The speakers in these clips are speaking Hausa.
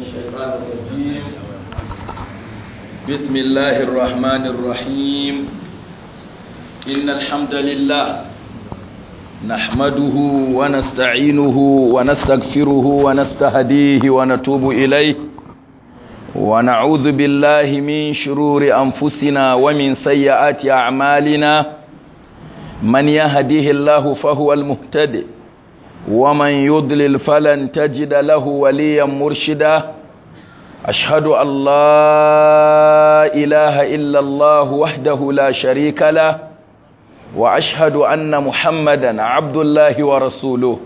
الشيطان الرجيم بسم الله الرحمن الرحيم إن الحمد لله نحمده ونستعينه ونستغفره ونستهديه ونتوب إليه ونعوذ بالله من شرور أنفسنا ومن سيئات أعمالنا من يهديه الله فهو المهتدئ ومن يضلل فلن تجد له وليا مرشدا أشهد أن لا إله إلا الله وحده لا شريك له وأشهد أن محمدا عبد الله ورسوله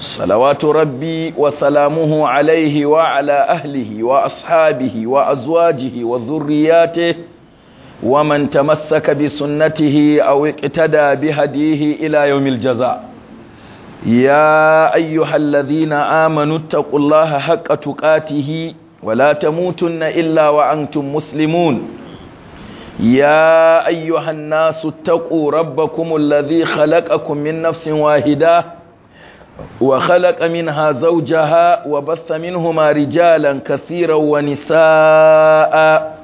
صلوات ربي وسلامه عليه وعلى أهله وأصحابه وأزواجه وذرياته ومن تمسك بسنته أو اقتدى بهديه إلى يوم الجزاء ya ayyuhan ayyuhallazina amanu taqullaha haqqa tuqatihi wala na illa wa antum muslimun ya ayyuhan nasu taqu rabbakumul ladhi khalaqakum min nafsin wahida wa khalaqa minha zawjaha wa batha minhumā rijālan katīran wa nisā'a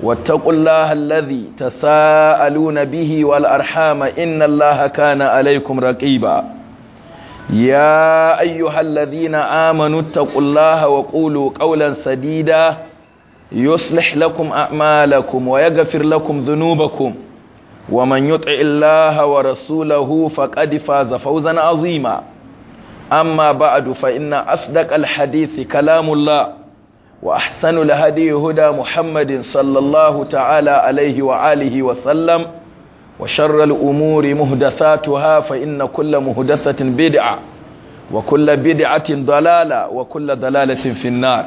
واتقوا الله الذي تساءلون به والأرحام إن الله كان عليكم رقيباً يا أيها الذين آمنوا اتقوا الله وقولوا قولا سديدا يصلح لكم أعمالكم ويغفر لكم ذنوبكم ومن يطع الله ورسوله فقد فاز فوزا عظيما أما بعد فإن أصدق الحديث كلام الله وأحسن الهدي هدى محمد صلى الله تعالى عليه وآله وسلم wa sharral umuri muhdathatuha fa inna kulla muhdasatin bid'a wa kulla bid'atin dalala wa kulla dalalatin finnar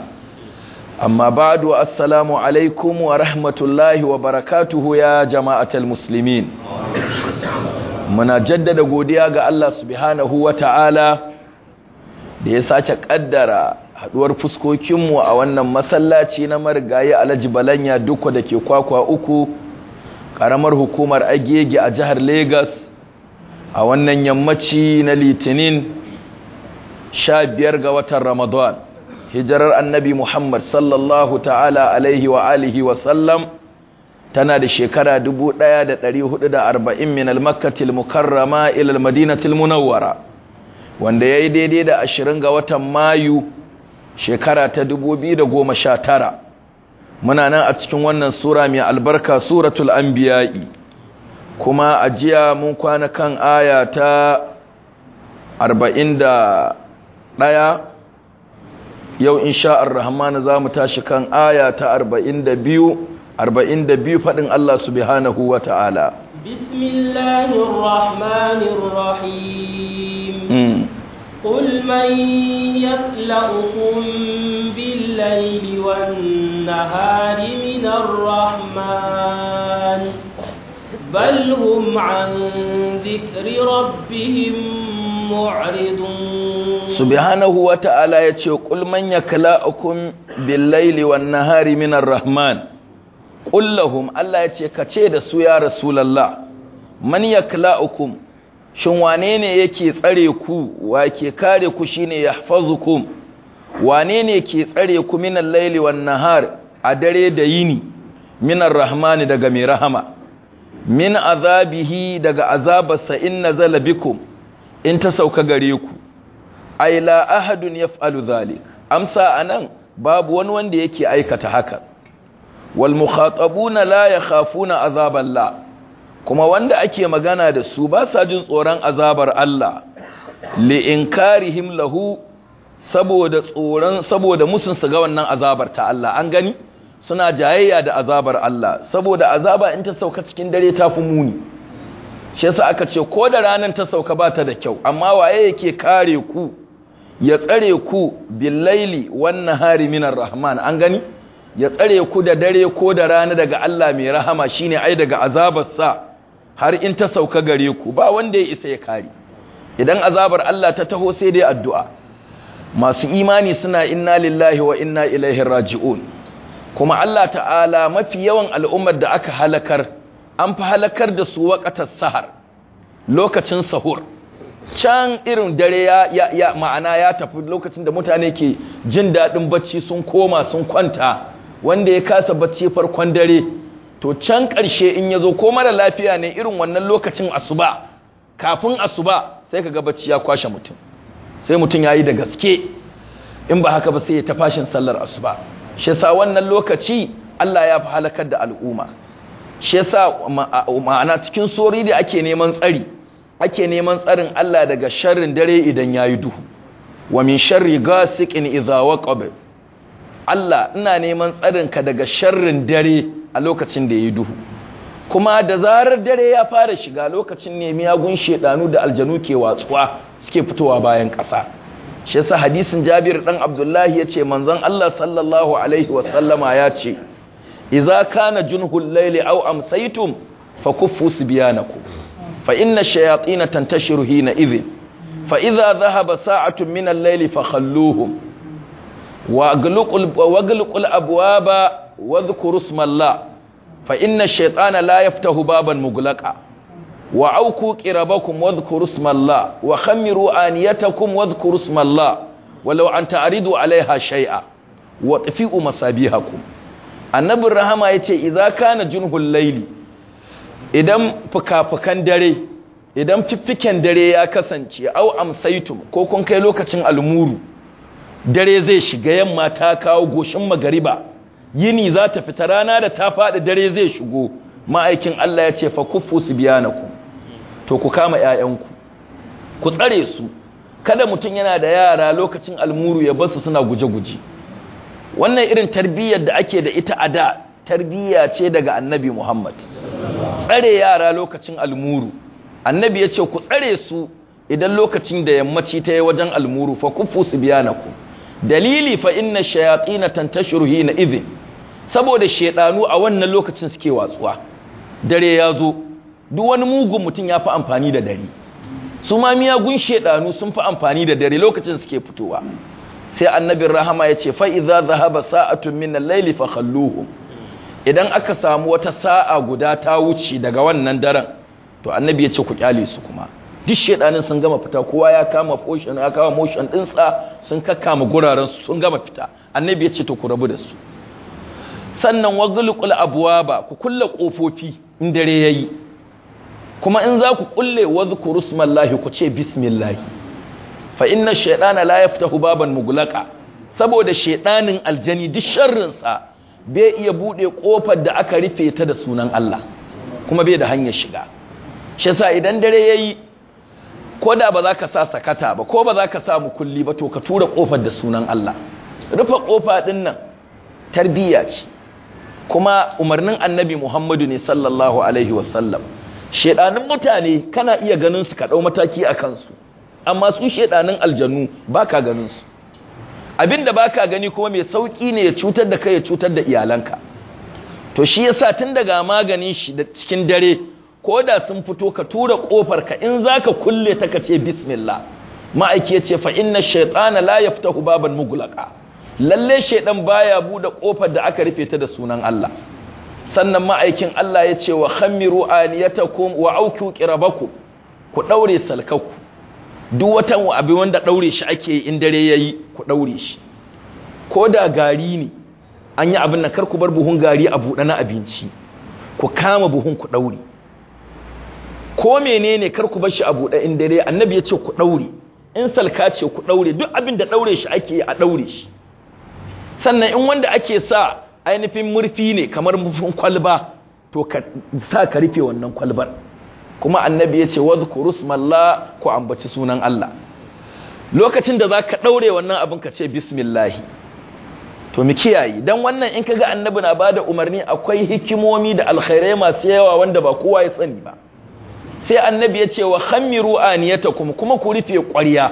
amma ba'du assalamu alaikum wa rahmatullahi wa barakatuhu ya jama'atul muslimin muna jaddada godiya ga Allah subhanahu wa ta'ala da ya sace kaddara haduwar fuskokinmu a wannan masallaci na marigayi alaji balanya duk da ke kwakwa uku Karamar hukumar agege a jihar Legas a wannan yammaci na litinin 15 ga watan Ramadan hijirar annabi Muhammad sallallahu ta'ala alaihi wa alihi wa sallam tana da shekara 1440 min al mukarrama ila al-madinatil munawwara wanda yayi daidai da 20 ga watan Mayu shekara ta 2019 muna nan a cikin wannan sura mai albarka suratul anbiya'i kuma a jiya mun kwana kan aya ta 41 yau insha ar-rahman za mu tashi kan aya ta 42 42 fadin Allah subhanahu wa ta'ala bismillahir rahmanir rahim mm. قل من يكلأكم بالليل والنهار من الرحمن بل هم عن ذكر ربهم Subhanahu wa ta’ala ya ce, Ƙul manya kala’akun billaili wa nahari minar Rahman, Ƙullahum Allah ya ce, Ka ce da su ya Rasulallah, manya kala’akun shin wane ne yake tsare ku wa ke kare ku shine yahfazukum wane ne ke tsare ku minan laili wan nahar a dare da yini minar rahmani daga mai rahama min azabihi daga azabarsa in nazala bikum in ta sauka gare ku aila la ahadun yaf'alu zalik amsa anan babu wani wanda yake aikata haka wal mukhatabuna la yakhafuna azaballah kuma wanda ake magana da su ba sa jin tsoron azabar Allah li'inkarihim lahu saboda tsoron saboda musun su ga wannan azabar ta Allah an gani suna jayayya da azabar Allah saboda azaba in ta sauka cikin dare ta fi muni shi yasa aka ce ko da ranar ta sauka ba ta da kyau amma waye yake kare ku ya tsare ku billaili wannan nahari minar rahman an gani ya tsare ku da dare ko da rana daga Allah mai rahama shine ai daga azabar sa har in ta sauka gare ku ba wanda ya isa ya kare idan azabar Allah ta taho sai dai addu'a masu imani suna inna lillahi wa inna ilaihi raji'un kuma Allah ta'ala mafi yawan al'ummar da aka halakar an fi halakar da su wakata sahar lokacin sahur can irin dare ya, ya, ma'ana ya tafi lokacin da mutane ke jin daɗin bacci sun koma sun kwanta wanda ya kasa bacci farkon dare to can ƙarshe in ya zo ko mara lafiya ne irin wannan lokacin asuba kafin asuba sai ka ga bacci ya kwashe mutum sai mutum ya yi da gaske in ba haka ba sai ya ta fashin sallar asuba shi wannan lokaci Allah ya fi halakar da al'umma shi ma'ana cikin sori da ake neman tsari ake neman tsarin Allah daga sharrin dare idan yayi duhu wa min sharri gasiqin idza waqab Allah ina neman tsarin ka daga sharrin dare a lokacin da ya yi duhu kuma da zarar dare ya fara shiga lokacin ne miyagun shedanu da aljanu ke watsuwa suke fitowa bayan ƙasa shi yasa hadisin Jabir dan Abdullahi ya ce manzon Allah sallallahu alaihi wasallama ce idza kana junhul layli aw amsaytum kuffu sibyanakum fa inna shayatina shayatin tantashiru hina idhin fa idza dhahaba sa'atun min al-layli khalluhum wa agluqul wa agluqul abwaba wadhkuru ismallah fa inna ash-shaytana la yaftahu baban mughlaqa wa auku qirabakum wadhkuru malla. wa khamiru aniyatakum wadhkuru ismallah walau an ta'ridu alaiha shay'a wa tafi'u masabihakum annabi rahama yace idza kana junhul layli idan fukafukan dare idan fiffiken dare ya kasance au amsaitum ko kun kai lokacin almuru dare zai shiga yamma ta kawo goshin magariba yini za ta fita rana da ta faɗi dare zai shigo ma'aikin Allah ya ce fa kuffu ku to ku kama 'ya'yanku. ku tsare su kada mutum yana da yara lokacin almuru ya basu suna guje-guje wannan irin tarbiyyar da ake da ita a da tarbiyya ce daga annabi Muhammad tsare yara lokacin almuru annabi ya ce ku tsare su idan lokacin da yammaci ta yi wajen almuru fa kuffu naku. dalili fa inna shayatin tantashiru na izin. saboda shedanu a wannan lokacin suke watsuwa dare ya zo duk wani mugun mutum ya fi amfani da dare su ma miyagun shedanu sun fi amfani da dare lokacin suke fitowa sai Annabi rahama ya ce fa'iza zahaba sa'atun min laili fa khalluhum idan aka samu wata sa'a guda ta wuce daga wannan daren to annabi ya ce ku kyale su kuma duk shedanin sun gama fita kowa ya kama motion ya kama motion dinsa sun kakkama guraren su sun gama fita annabi ya ce to ku rabu da su sannan wagulqul ba ku kulle kofofi in dare yayi kuma in za ku kulle wadhkuru smallahi ku ce bismillah fa inna layaf shaytana la yaftahu baban mughlaqa saboda shaydanin aljani duk sharrinsa bai iya bude kofar da aka rufe ta da sunan Allah kuma bai da hanyar shiga shi idan dare yayi ko da ba za ka sa sakata ba ko ba za ka sa mukulli ba to ka tura kofar da sunan Allah rufe kofa din nan tarbiyya ce kuma umarnin annabi Muhammadu ne sallallahu alaihi wasallam shaidanin mutane kana iya ganin su ka ɗau mataki a kansu amma su shaidanin aljanu baka ganin su abinda baka gani kuma mai sauƙi ne ya cutar da kai ya cutar da iyalanka to shi ya sa tun daga magani shi da cikin dare ko da sun fito ka tura ƙofar ka in za ka kulle ta ka ce bismillah ma'aiki ya ce fa inna shaitana la yaftahu baban mugulaka lalle shaidan baya bude kofar da aka rufe ta da sunan Allah sannan ma'aikin Allah ya ce wa khammiru aniyatakum wa auku qirabakum ku daure salkaku duk watan abin wanda daure shi ake in dare yayi ku daure shi ko da gari ne an yi abin nan kar ku bar buhun gari a buɗe na abinci ku kama buhun ku daure ko menene kar ku bar shi a buɗe in dare annabi ya ce ku daure in salka ce ku daure duk abin da daure shi ake a daure shi sannan in wanda ake sa ainihin murfi ne kamar murfin kwalba to ka sa ka rufe wannan kwalbar kuma annabi ya ce wadhkuru ku ambaci sunan Allah lokacin da zaka ɗaure wannan abin ka ce bismillah to mu kiyaye dan wannan in kaga annabi na bada umarni akwai hikimomi da alkhairai masu yawa wanda ba kowa ya sani ba sai annabi ya ce wa khammiru aniyatakum kuma ku rufe ƙwarya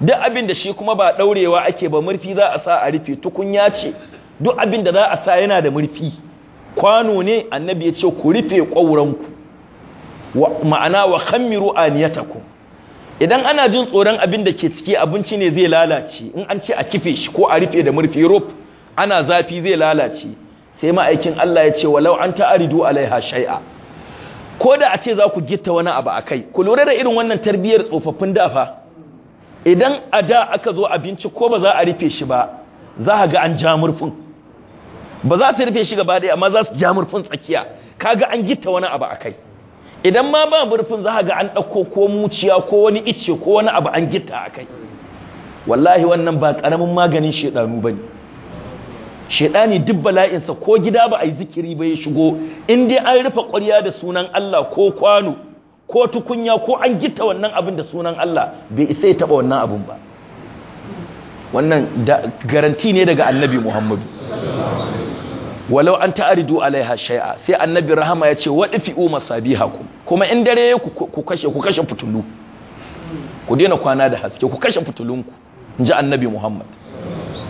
duk abin da shi kuma ba daurewa ake ba murfi za a sa a rufe tukunya ce duk abin da za a sa yana da murfi kwano ne annabi ya ce ku rufe kwauranku ma'ana wa khammiru aniyatakum idan ana jin tsoron abin da ke ciki abinci ne zai lalace in an ce a kife shi ko a rufe da murfi rope. ana zafi zai lalace sai ma'aikin Allah ya ce walau an ta'aridu alaiha shay'a ko da a ce za ku gitta wani abu akai ku lura da irin wannan tarbiyyar tsofaffin dafa idan a da aka zo abinci ko ba za a rufe shi ba za a ga an ja murfin ba za su rufe shi gaba da amma za su ja murfin tsakiya kaga an gita wani abu a kai idan ma ba murfin za a ga an ɗauko ko muciya ko wani icce ko wani abu an gita a kai wallahi wannan ba ƙaramin maganin shaidanu ba ne shaidani duk bala'insa ko gida ba a yi zikiri ba ya shigo in dai an rufe ƙwarya da sunan Allah ko kwano ko tukunya ko an gita wannan abin da sunan Allah bai isa ya taba wannan abin ba wannan garanti ne daga annabi Muhammadu walau an ta'aridu alaiha shay'a sai annabi rahama ya ce wadfi'u masabihakum kuma in dare ku kashe ku kashe fitulu ku daina kwana da haske ku kashe fitulunku inji annabi Muhammad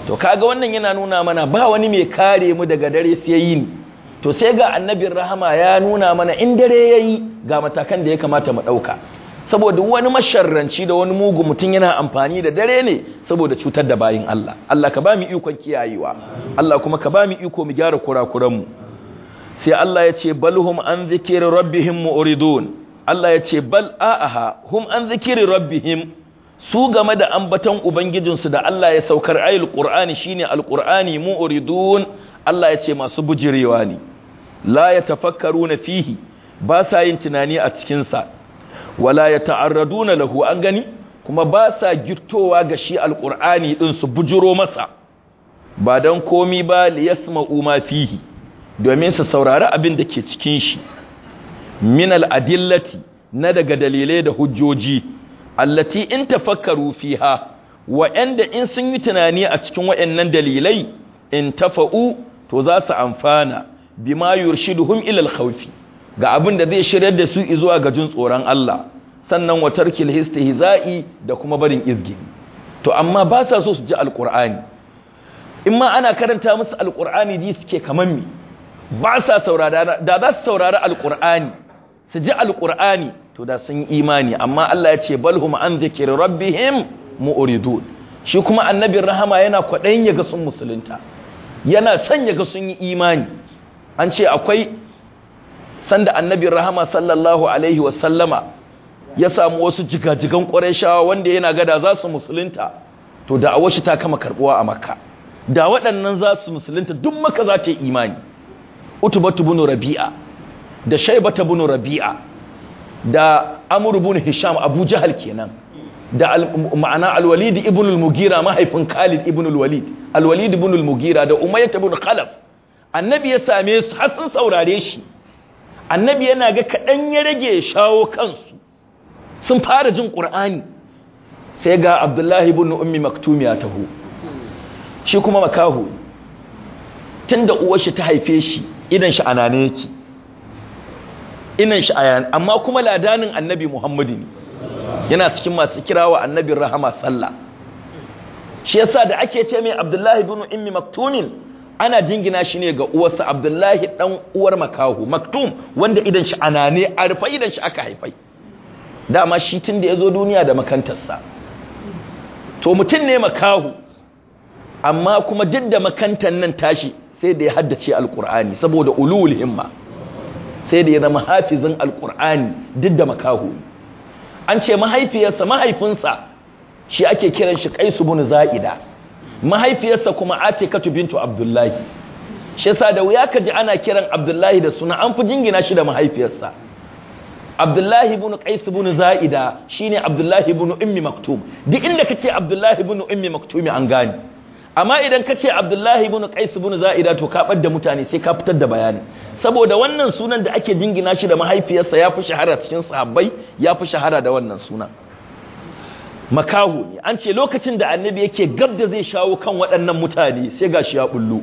to kaga wannan yana nuna mana ba wani mai kare mu daga dare sai yini to sai ga annabin rahama ya nuna mana in dare ya yi ga matakan da ya kamata mu ɗauka. saboda wani masharranci da wani mugu mutum yana amfani da dare ne saboda cutar da bayin Allah Allah ka ba mu ikon kiyayewa Allah kuma ka ba mu iko mu gyara kurakuran mu sai Allah ya ce balhum an zikiri rabbihim mu'ridun Allah ya ce bal a'aha hum an zikiri rabbihim su game da ambaton ubangijinsu da Allah ya saukar ayul qur'ani shine alqur'ani mu'ridun Allah ya ce masu bujirewa ne la ya na fihi ba sa yin tunani a cikinsa. Wala ya ta'arradu na lahu an gani kuma ba sa girtowa ga shi alƙur'ani ɗin su bujuro masa ba don komi ba liyasma'u ma fihi domin su saurari abin da ke cikin shi min al'adillati na daga dalilai da hujjoji allati in tafakkaru fiha wa'anda in sun yi tunani a cikin wa'annan dalilai in tafa'u to za su amfana bima yurshiduhum ila al ga abin da zai shiryar da su zuwa ga jin tsoron Allah sannan wa tarkil histihza'i da kuma barin izgi to amma ba sa so su ji alqur'ani in ma ana karanta musu alqur'ani di suke kaman mi ba sa saurara da za su saurara alqur'ani su ji alqur'ani to da sun imani amma Allah ya ce balhum an zikri rabbihim mu'ridun shi kuma annabin rahama yana kwadayin ga sun musulunta yana son ga sun yi imani an ce akwai sanda annabi rahama sallallahu alaihi wasallama ya samu wasu jigajigan ƙwarai wanda yana gada za su musulunta to da a ta kama karɓuwa a makka da waɗannan za su musulunta duk maka za ta yi imani utubatu bunu rabi'a da shaibata bunu rabi'a da amur bunu hisham abu jahal kenan da ma'ana alwalid ibn al-mugira mahaifin khalid ibn al-walid alwalid ibn al-mugira da umayyah ibn khalaf annabi ya same su har sun saurare shi annabi yana ga kaɗan ya rage shawo kansu sun fara jin ƙur'ani sai ga abdullahi bin ummi maktumi ya taho shi kuma makaho tun da uwarshi ta haife shi idan shi anane yake inan shi ayan amma kuma ladanin annabi muhammadu ne yana cikin masu kirawa annabin rahama sallah shi yasa da ake ce mai abdullahi bin ummi maktumin ana jingina shi ne ga uwarsa abdullahi dan uwar makahu maktum wanda idan shi anane a rufe idan shi aka haifai dama shi tun da ya zo duniya da makantarsa to mutum ne makahu amma kuma duk da makantar nan tashi sai da ya haddace alkur'ani saboda ulul himma sai da ya zama hafizin alkur'ani duk da makahu an ce mahaifiyarsa mahaifinsa shi ake kiran shi kai su bunu za'ida mahaifiyarsa kuma katu bintu abdullahi shi yasa da wuya ka ji ana kiran abdullahi da suna an fi jingina shi da mahaifiyarsa abdullahi ibn kaisu ibn zaida shi ne abdullahi ibn ummi maktum duk inda kace abdullahi ibn ummi maktumi an gane amma idan ka ce abdullahi ibn kaisu ibn zaida to ka da mutane sai ka fitar da bayani saboda wannan sunan da ake jingina shi da mahaifiyarsa ya fi shahara cikin sahabbai ya fi shahara da wannan sunan makahu ne an ce lokacin da annabi yake gab da zai shawo kan waɗannan mutane sai ga shi ya bullo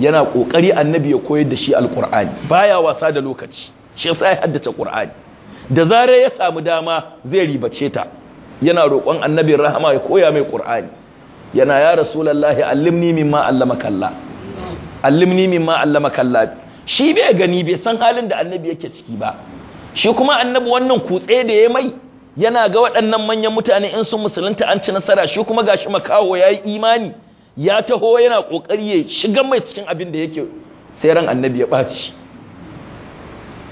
yana kokari annabi ya koyar da shi alkur'ani baya wasa da lokaci shi sai haddace qur'ani da zare ya samu dama zai ribace ta yana roƙon annabi rahama ya koya mai ƙur'ani. yana ya rasulullahi allimni mimma allamaka Allah allimni mimma allamaka Allah shi bai gani bai san halin da annabi yake ciki ba shi kuma annabi wannan kutse da ya mai yana ga waɗannan manyan mutane in sun musulunta an ci nasara shi kuma gashi makaho ya yi imani ya taho yana ƙoƙari ya shiga mai cikin abin da yake sai ran annabi ya ɓaci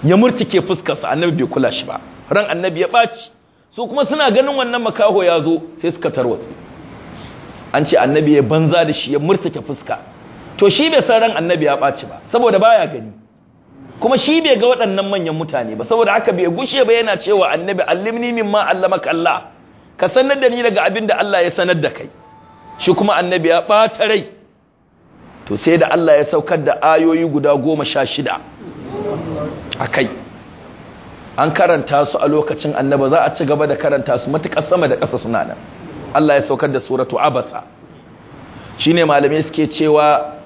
ya murtike fuskarsa annabi bai kula shi ba ran annabi ya ɓaci su kuma suna ganin wannan makaho ya zo sai suka tarwatsi an ce annabi ya banza da shi ya murtike fuska to shi bai san ran annabi ya ɓaci ba saboda baya gani kuma shi bai ga waɗannan manyan mutane ba saboda haka bai gushe ba yana cewa annabi allimni ma allamaka Allah ka sanar da ni daga abin da Allah ya sanar da kai shi kuma annabi ya bata rai to sai da Allah ya saukar da ayoyi guda goma sha shida a kai an karanta su a lokacin annaba za a ci gaba da karanta su matuƙar sama da ƙasa suna nan Allah ya saukar da suratu abasa shine malamai suke cewa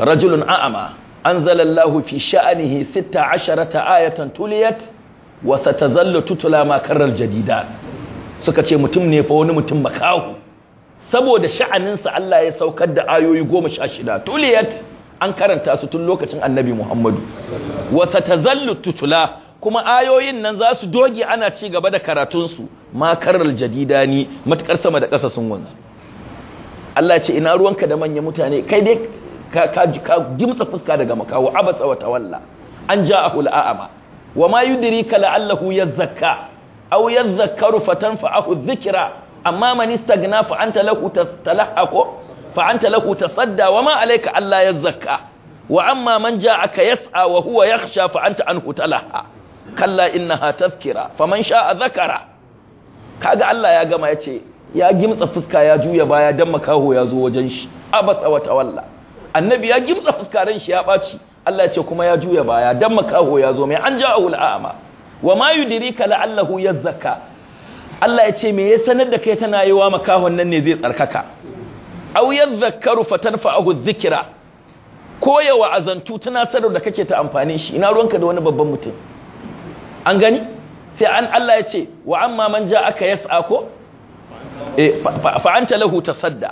rajulun a'ama An anzalallahu fi sha'anihi 16 ayatan tuliyat wa satazallu tutula makarar jarida. suka ce mutum ne fa wani mutum makahu saboda sha'aninsa Allah ya saukar da ayoyi goma sha shida tuliyat an karanta su tun lokacin annabi Muhammadu wa satazallu tutula kuma ayoyin nan za su doge ana ci gaba da karatunsu ma karral jadida ni matukar sama da ƙasa sun wanzu Allah ce ina ruwanka da manyan mutane kai dai ka gimtsa fuska daga makawo abasa wa tawalla an ja'ahu al'ama wa ma yudrika la'allahu yazakka aw yadhakkaru fatanfa'ahu zikira amma man istaghna fa anta lahu tastalahaqu fa anta lahu wa ma allah ya yazakka wa amma man ja'aka yas'a wa huwa yakhsha fa anta talaha kalla innaha tadhkira faman sha'a dhakara kaga Allah ya gama yace ya gimtsa fuska ya juya baya dan makaho ya zo wajen shi abasa wa tawalla annabi ya gimsa fuskaren shi ya baci Allah ya ce kuma ya juya baya dan makaho ya zo mai an ja'ahu a'ama. wa ma yudrika la'allahu yazzaka Allah ya ce me ya sanar da kai tana yiwa makahon nan ne zai tsarkaka aw yadhakkaru fatanfa'ahu dhikra ko ya wa'azantu tana sanar da kake ta amfani shi ina ruwanka da wani babban mutum an gani sai an Allah ya ce wa amma man ja'aka yas'a ko eh fa anta lahu tasadda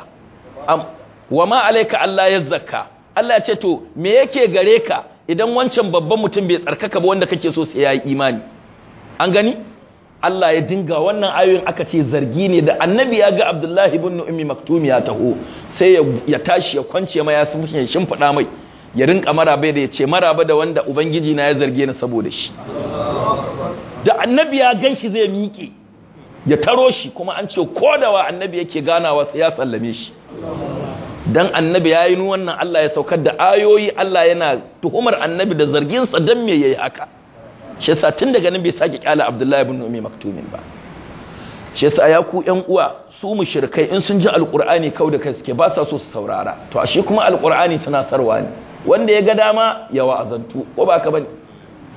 wa ma alayka Allah zakka, Allah ya ce to me yake gare ka idan wancan babban mutum bai tsarkaka ba wanda kake so sai yayi imani an gani Allah ya dinga wannan ayoyin aka ce zargi ne da annabi ya ga Abdullahi ibn Ummi Maktum ya taho sai ya tashi ya kwance mai ya sumfin shimfida mai ya rinka maraba da ya ce maraba da wanda ubangiji na ya zarge ni saboda shi da annabi ya ganshi zai miƙe ya taro shi kuma an ce kodawa annabi yake ganawa sai ya sallame shi dan annabi yayi nu wannan Allah ya saukar da ayoyi Allah yana tuhumar annabi da zarginsa sa dan me yayi haka shi yasa tun daga nan bai sake kyala Abdullahi ibn umi Maktumin ba shi yasa ya ku uwa su mushrikai in sun ji alqur'ani kau da kai suke ba sa so su saurara to ashe kuma alqur'ani sarwa ne wanda ya ga dama ya wa'azantu ko ba ka bane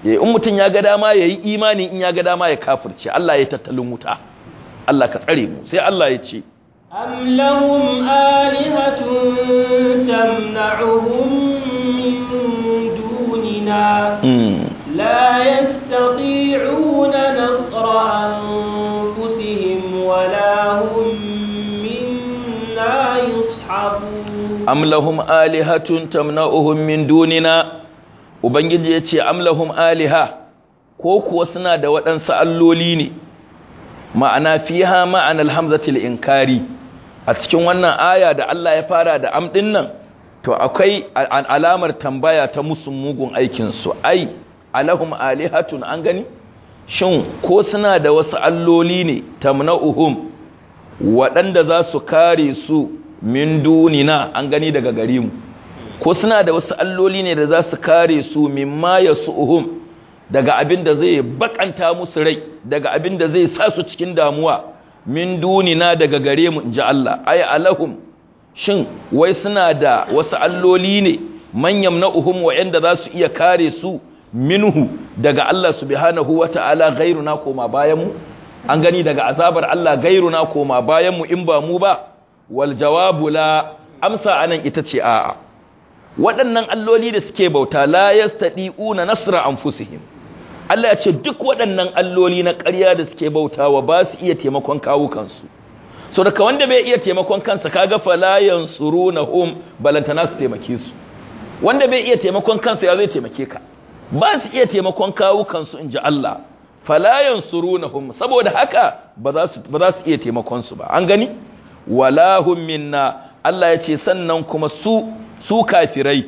yayi eh, in mutun ya ga dama yayi imani in ya ga dama ya kafirce Allah ya tattalin wuta Allah ka tsare mu sai Allah ya ce أم لهم آلهة تمنعهم من دوننا لا يستطيعون نصر أنفسهم ولا هم منا يصحبون أم لهم آلهة تمنعهم من دوننا Ubangiji ya ce, Amlahum aliha, ko kuwa suna da waɗansu alloli ne, ma'ana fiha ma'anar hamzatil inkari. a cikin wannan aya da Allah ya fara da am din nan to akwai alamar tambaya ta musu mugun aikin su ai alahum alihatun an gani shin ko suna da wasu alloli ne tamna'uhum waɗanda za su kare su min dunina an gani daga gare mu ko suna da wasu alloli ne da za su kare su min mimma yasuhum daga abin da zai bakanta musu rai daga abin da zai sa su cikin damuwa min duni na daga gare mu in ji Allah ay alahum shin wai suna da wasu alloli ne manyan na na'uhum wa'anda za su iya kare su minhu daga Allah subhanahu wata'ala na koma bayan mu an gani daga azabar Allah gairu na koma bayan mu in ba mu ba wal jawabu la amsa anan ita ce a'a waɗannan alloli da suke bauta la yastadi'una nasra anfusihim Allah ya ce duk waɗannan alloli na ƙarya da suke bautawa ba su iya taimakon kawukansu so ka wanda bai iya taimakon kansa kaga falayan surunahum balantana su taimake su wanda bai iya taimakon kansa ya zai taimake ka ba su iya taimakon kawukansu in ji Allah falayan hum, saboda haka ba za su iya taimakon su ba an gani walahum minna Allah ya ce sannan kuma su su kafirai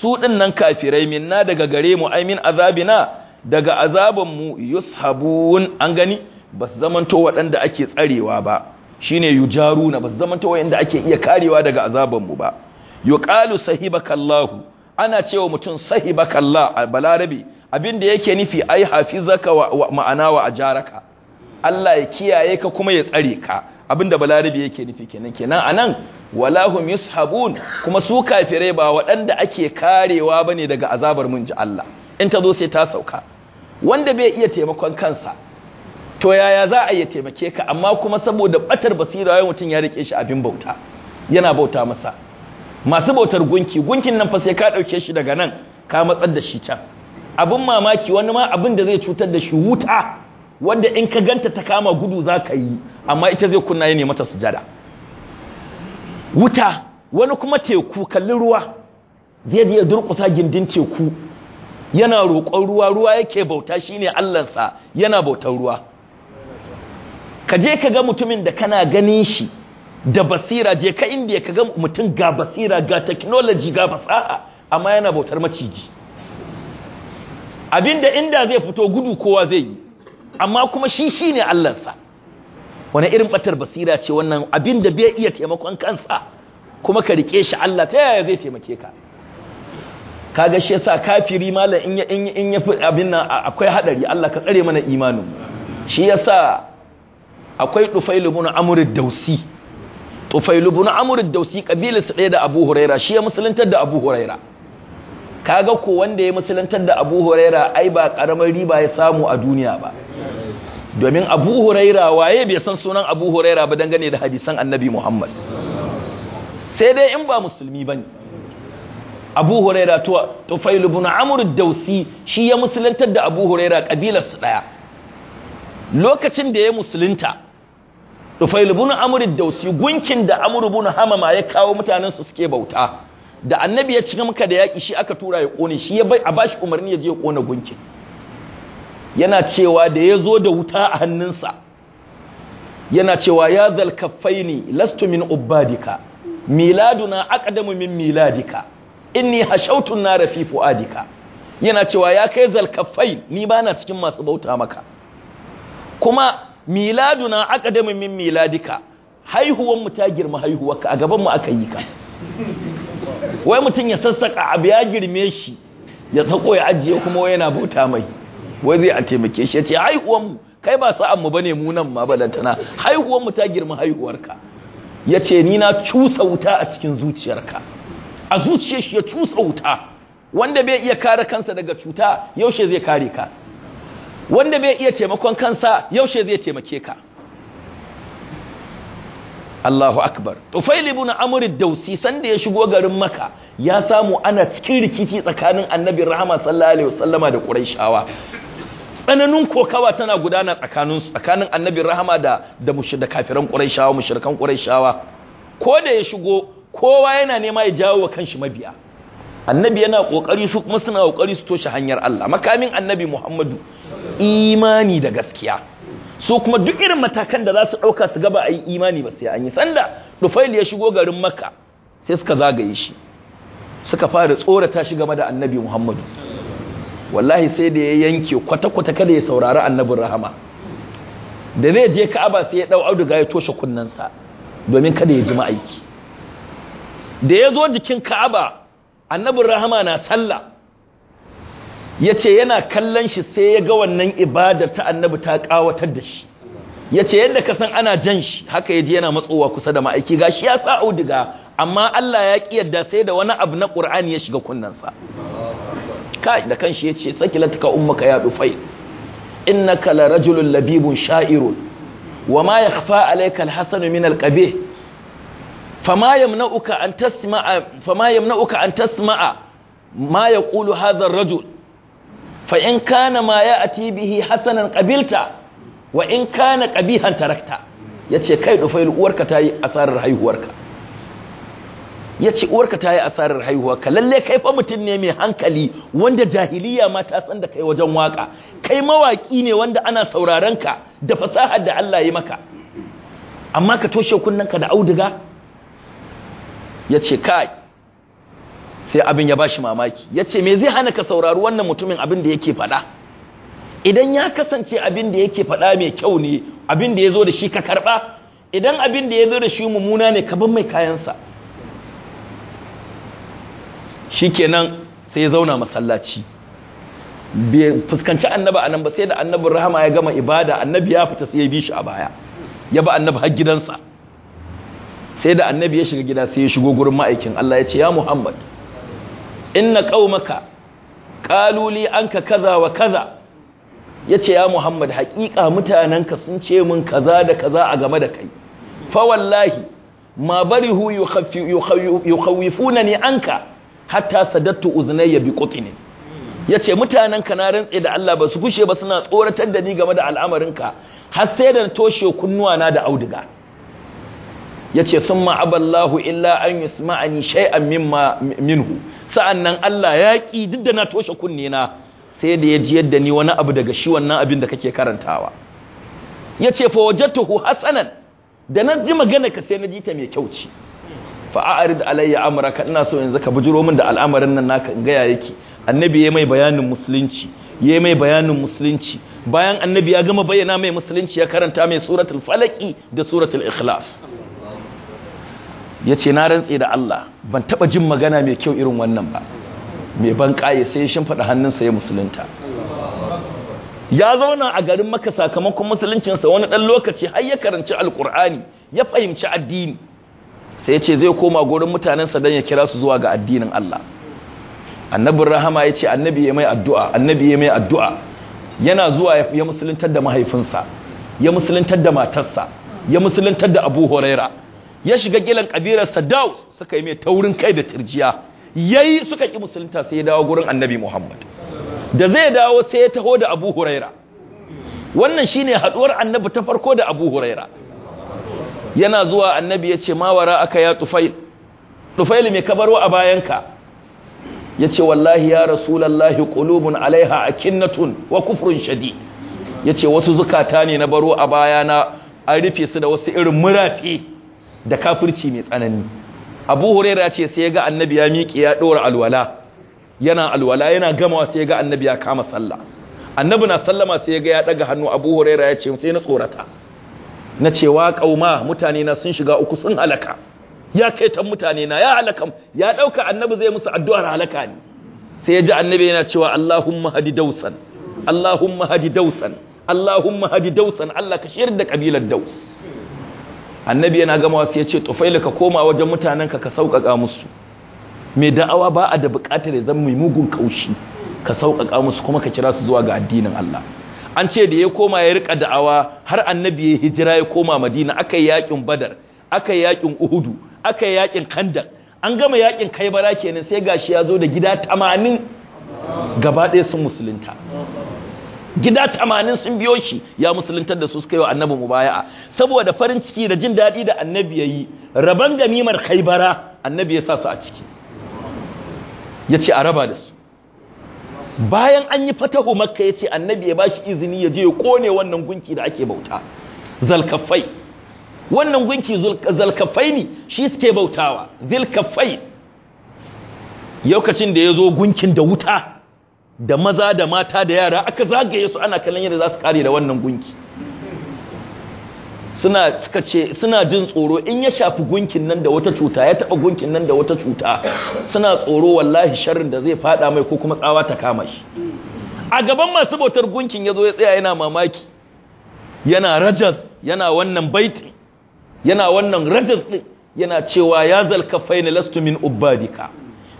su nan kafirai minna daga gare mu min azabina daga azabanmu yushabun an gani ba su zamanto waɗanda ake tsarewa ba shine yujaruna ba su zamanto waɗanda ake iya karewa daga azabanmu ba yuqalu sahibakallahu ana cewa mutum sahibakallah a balarabi abinda yake nufi ai hafizaka wa ma'ana wa ajaraka Allah ya kiyaye ka kuma ya tsare ka abinda balarabi yake nufi kenan kenan anan walahum yushabun kuma su kafirai ba waɗanda ake karewa bane daga azabar mun ji Allah in ta zo sai ta sauka wanda bai iya taimakon kansa to yaya za a iya taimake ka amma kuma saboda batar basira wai mutum ya rike shi abin bauta yana bauta masa masu bautar gunki gunkin nan fa sai ka dauke shi daga nan ka matsar da shi can abin mamaki wani ma abin da zai cutar da shi wuta wanda in ka ganta ta kama gudu za ka yi amma ita zai kunna ya ne mata sujada wuta wani kuma teku kallin ruwa zai je ya durƙusa gindin teku yana roƙon ruwa ruwa yake bauta shine Allahnsa yana bautar ruwa ka je ka ga mutumin da kana ganin shi da basira je ka indiya ka ga mutum ga basira ga technology ga fasaha amma yana bautar maciji abinda inda zai fito gudu kowa zai yi amma kuma shi shi ne Allahnsa wani irin batar basira ce wannan abinda bai iya taimakon kansa kuma ka riƙe shi Allah ta yaya zai taimake ka kaga shi yasa kafiri malam in ya in ya fi abin nan akwai hadari Allah ka tsare mana imanin shi yasa akwai Tufail ibn Amr ad dawsi Tufail ibn Amr ad dawsi kabilar su da Abu Huraira shi ya musuluntar da Abu Huraira kaga ko wanda ya musuluntar da Abu Huraira ai ba karamar riba ya samu a duniya ba domin Abu Huraira waye bai san sunan Abu Huraira ba dangane da hadisan Annabi Muhammad sai dai in ba musulmi bane abu huraira tuwa tufail ibn amr dausi shi ya musuluntar da abu huraira kabilar su daya lokacin da ya musulunta tufail ibn amr dausi gunkin da amr ibn hamama ya kawo mutanen su suke bauta da annabi ya cika maka da yaki shi aka tura ya kone shi ya bai a bashi umarni ya je ya kona gunkin yana cewa da ya zo da wuta a hannunsa yana cewa ya zalkafaini lastu min ubbadika miladuna aqdamu min miladika inni hashautun nara fi fuadika yana cewa ya kai zalkafai ni bana cikin masu bauta maka kuma miladuna dama min miladika haihuwan mu ta girma haihuwarka a gaban mu aka yi ka wai mutun ya sassaka abu ya girme shi ya sako ya ajiye kuma wai yana bauta mai wai zai a taimake shi ya ce haihuwan mu kai ba sa'an mu bane mu nan ma balantana haihuwan mu ta girma haihuwarka yace ni na cusa wuta a cikin zuciyarka a zuciyar shi ya cusa wuta wanda bai iya kare kansa daga cuta yaushe zai kare ka wanda bai iya taimakon kansa yaushe zai taimake ka Allahu akbar Tufail ibn Amr ad-Dawsi sanda ya shigo garin maka, ya samu ana cikin rikici tsakanin Annabi Rahama sallallahu alaihi wasallama da Quraishawa tsananin kokawa tana gudana tsakanin tsakanin Annabi Rahama da da mushrikan kafiran Quraishawa mushrikan Quraishawa ko da ya shigo kowa yana nema ya jawo wa kanshi mabiya annabi yana kokari su kuma suna kokari su toshe hanyar Allah makamin annabi Muhammadu imani da gaskiya su kuma duk irin matakan da za su dauka su gaba ayi imani ba sai an yi sanda Dufail ya shigo garin Makka sai suka zagaye shi suka fara tsorata shi game da annabi Muhammadu wallahi sai da ya yanke kwata-kwata kada ya saurari annabin rahama da zai je Ka'aba sai ya dau auduga ya toshe kunnansa domin kada ya ji ma'aiki da ya zo jikin ka'aba annabin rahama na sallah ya ce yana kallon shi sai ya ga wannan ibadar ta annabi ta kawatar da shi ya ce yadda ka san ana jan shi haka ya ji yana matsowa kusa da ma'aiki ga shi ya sa audiga amma Allah ya ƙi yadda sai da wani abu na ƙur'ani ya shiga kunnensa kai da kanshi ya ce sakilatka ummaka ya dufai innaka la rajulun labibun sha'irun wa ma yakhfa alayka alhasan min alqabih fama yamna'uka an tasma'a fama yamna'uka an tasma'a ma yaqulu hadha ar-rajul fa in kana ma ya'ti bihi hasanan qabilta wa in kana qabihan tarakta yace kai dufail uwarka tayi asarar haihuwarka yace uwarka tayi asarar haihuwarka lallai kaifa mutum ne mai hankali wanda jahiliya ma ta san da kai wajen waka kai mawaƙi ne wanda ana sauraren ka da fasahar da Allah ya maka amma ka toshe kunnanka da auduga ya ce kai sai abin ya ba shi mamaki ya ce me zai hana ka saurari wannan mutumin abin da yake fada idan ya kasance abin da yake fada mai kyau ne abin da ya zo da shi ka karba idan abin da ya zo da shi mummuna ne ka bar mai kayansa shi kenan sai ya zauna masallaci bai fuskanci annaba a nan ba sai da annabin rahama ya gama ibada annabi ya fita sai ya bi shi a baya ya ba annabi har gidansa sai da annabi ya shiga gida sai ya shigo gurin ma'aikin Allah ya ce ya Muhammad inna qaumaka qalu li anka kaza wa kaza yace ya Muhammad haƙiƙa mutananka sun ce mun kaza da kaza a game da kai fa wallahi ma barihu yukhawifunani anka hatta sadattu uznayya bi qutni yace mutananka na rantse da Allah ba su gushe ba suna tsoratar da ni game da al'amarinka har sai da toshe kunnuwa na da auduga yace summa aballahu illa an ma'ani shaian mimma minhu sa'annan Allah ya ƙi duk da na toshe kunne na sai da ya ji yadda ni wani abu daga shi wannan abin da kake karantawa yace fa tuhu hasanan da na ji magana ka sai na ji ta mai kyau ce fa'arid a'rid alayya ka ina so yanzu ka bujiro min da al'amarin nan naka in gaya yake annabi ya mai bayanin musulunci ya mai bayanin musulunci bayan annabi ya gama bayyana mai musulunci ya karanta mai suratul falaki da suratul ikhlas ya ce na rantse da Allah ban taba jin magana mai kyau irin wannan ba mai ban kaye sai ya shimfaɗa hannunsa ya musulunta ya zauna a garin maka sakamakon musuluncinsa wani ɗan lokaci har ya karanci alƙur'ani ya fahimci addini sai ya ce zai koma gurin mutanensa don ya kira su zuwa ga addinin Allah annabin rahama ya ce annabi ya mai addu'a annabi ya mai addu'a yana zuwa ya musuluntar da mahaifinsa ya musuluntar da matarsa ya musuluntar da abu huraira ya shiga gilan kabilar Sadaus suka yi mai taurin kai da tirjiya yayi suka ki musulunta sai ya dawo gurin Annabi Muhammad da zai dawo sai ya taho da Abu Huraira wannan shine haduwar Annabi ta farko da Abu Huraira yana zuwa Annabi ya ce ma wara aka ya Tufail Tufail me kabaro a bayanka yace wallahi ya rasulullahi qulubun alaiha akinnatun wa kufrun shadid yace wasu zukata ne na baro a bayana an rufe su da wasu irin murafi da kafirci mai tsanani abu huraira ya ce sai ya ga annabi ya miƙe ya ɗora alwala yana alwala yana gamawa sai ya ga annabi ya kama sallah annabi na sallama sai ya ga ya ɗaga hannu abu huraira ya ce sai na tsorata na cewa ƙauma mutane na sun shiga uku sun halaka ya kaitan mutane na ya halaka ya ɗauka annabi zai musu addu'ar halaka ne sai ya ji annabi yana cewa Allahumma hadi dausan Allahumma hadi dausan Allahumma hadi dausan Allah ka shiyar da kabilar daus annabi yana gama wasu ya ce tufaila ka koma wajen mutanen ka ka sauƙaƙa musu mai da'awa ba a da buƙatar ya zama mai mugun kaushi ka sauƙaƙa musu kuma ka kira su zuwa ga addinin Allah an ce da ya koma ya rika da'awa har annabi ya hijira ya koma madina aka yi yakin badar aka yi yakin uhudu aka yi yakin kandak an gama yaƙin kaibara kenan sai gashi ya zo da gida tamanin gaba ɗaya sun musulunta gida tamanin sun biyo shi ya musuluntar da su suka yi wa annabi mubaya'a saboda farin ciki da jin daɗi da annabi ya yi rabon ganimar khaibara annabi ya sa su a ciki ya ce a raba da su bayan an yi fatahu makka ya ce annabi ya ba shi izini ya je ya kone wannan gunki da ake bauta zalkafai wannan gunki zalkafai ne shi suke bautawa zilkafai lokacin da ya zo gunkin da wuta da maza da mata da yara aka zagaye su ana kallon yadda za su kare da wannan gunki suna suka ce suna jin tsoro in ya shafi gunkin nan da wata cuta ya taba gunkin nan da wata cuta suna tsoro wallahi sharrin da zai fada mai ko kuma tsawa ta kama shi a gaban masu bautar gunkin yazo ya tsaya yana mamaki yana rajas yana wannan bait yana wannan rajas din yana cewa ya zalkafaina lastu min ubadika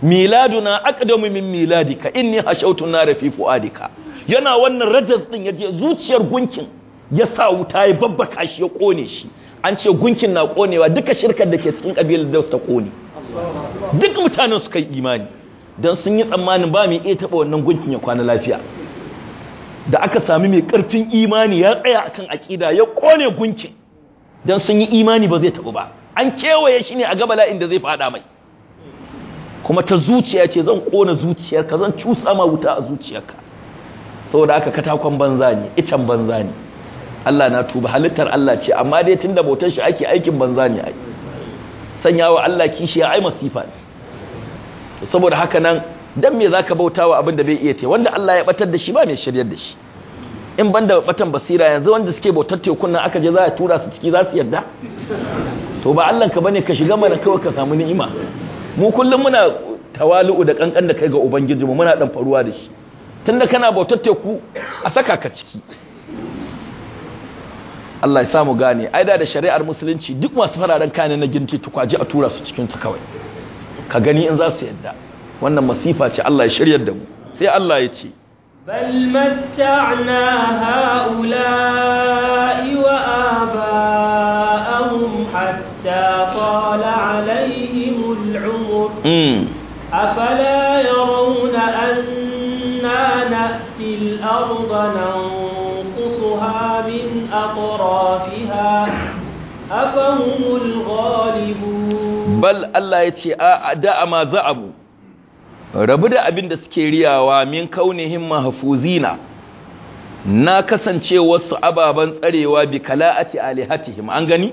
miladuna aqdamu min miladika inni hashautu nara fi fuadika yana wannan rajas din yaje zuciyar gunkin ya sa wuta ya babbaka shi ya kone shi an ce gunkin na konewa duka shirkar da ke cikin kabilar da ta kone duk mutanen suka yi imani dan sun yi tsammanin ba mu iya taba wannan gunkin ya kwana lafiya da aka sami mai karfin imani ya tsaya akan akida ya kone gunkin dan sun yi imani ba zai taba ba an kewaye shi ne a gabala inda zai fada mai kuma ta zuciya ce zan kona zuciyarka zan cusa ma wuta a zuciyarka saboda aka katakon banza ne icen banza ne Allah na tuba halittar Allah ce amma dai tunda bautar shi ake aikin banza ne ai sanyawa Allah kishi ya ai masifa ne saboda haka nan dan me zaka bautawa abin da bai iya te wanda Allah ya batar da shi ba mai shiryar da shi in banda batan basira yanzu wanda suke bautar tekun nan aka je za a tura su ciki za su yarda to ba Allah ka bane ka shiga mana kawai ka samu ni'ima mu kullum muna tawali'u da kankan da kai ga ubangijinmu muna dan faruwa da shi tunda kana bautar teku a saka ka ciki Allah ya samu gane ai da shari'ar musulunci duk masu fararen kane na ginti tukwaje a tura su cikin su kawai ka gani in za su yadda wannan masifa ce Allah ya shiryar da mu sai Allah ya ce bal matta'na haula'i wa aba'ahum hatta qala alayhi Mm. أفلا يرون أنا نأتي الأرض ننقصها من أطرافها أفهم الغالبون بل الله يتي ما rabu da abin da suke riyawa min kaunihim mahfuzina na kasance wasu ababen tsarewa bi kala'ati alihatihim an gani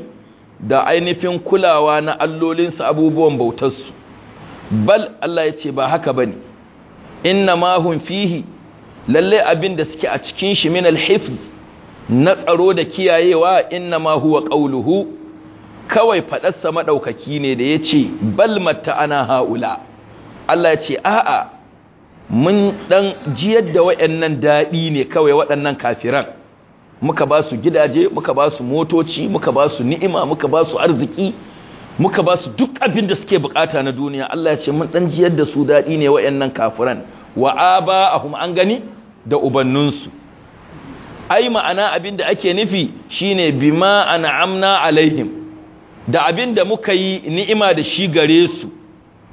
da ainihin kulawa na allolinsu abubuwan bautarsu bal Allah ya ce ba haka ba ne inna mahun fihi lallai abin da suke a cikin shi min alhifz na tsaro da kiyayewa inna ma huwa ƙauluhu kawai faɗarsa maɗaukaki ne da ya ce bal matta ana ha'ula Allah ya ce a'a mun ɗan jiyar da waɗannan daɗi ne kawai waɗannan kafiran muka ba su gidaje muka ba su motoci muka ba su ni'ima muka ba su arziki muka ba su duk abin da suke bukata na duniya Allah ya ce mun dan jiyar da su dadi ne wayannan kafiran wa ahum an gani da ubannunsu ai ma'ana abin da ake nufi shine bima an'amna alaihim da abin da muka yi ni'ima da shi gare su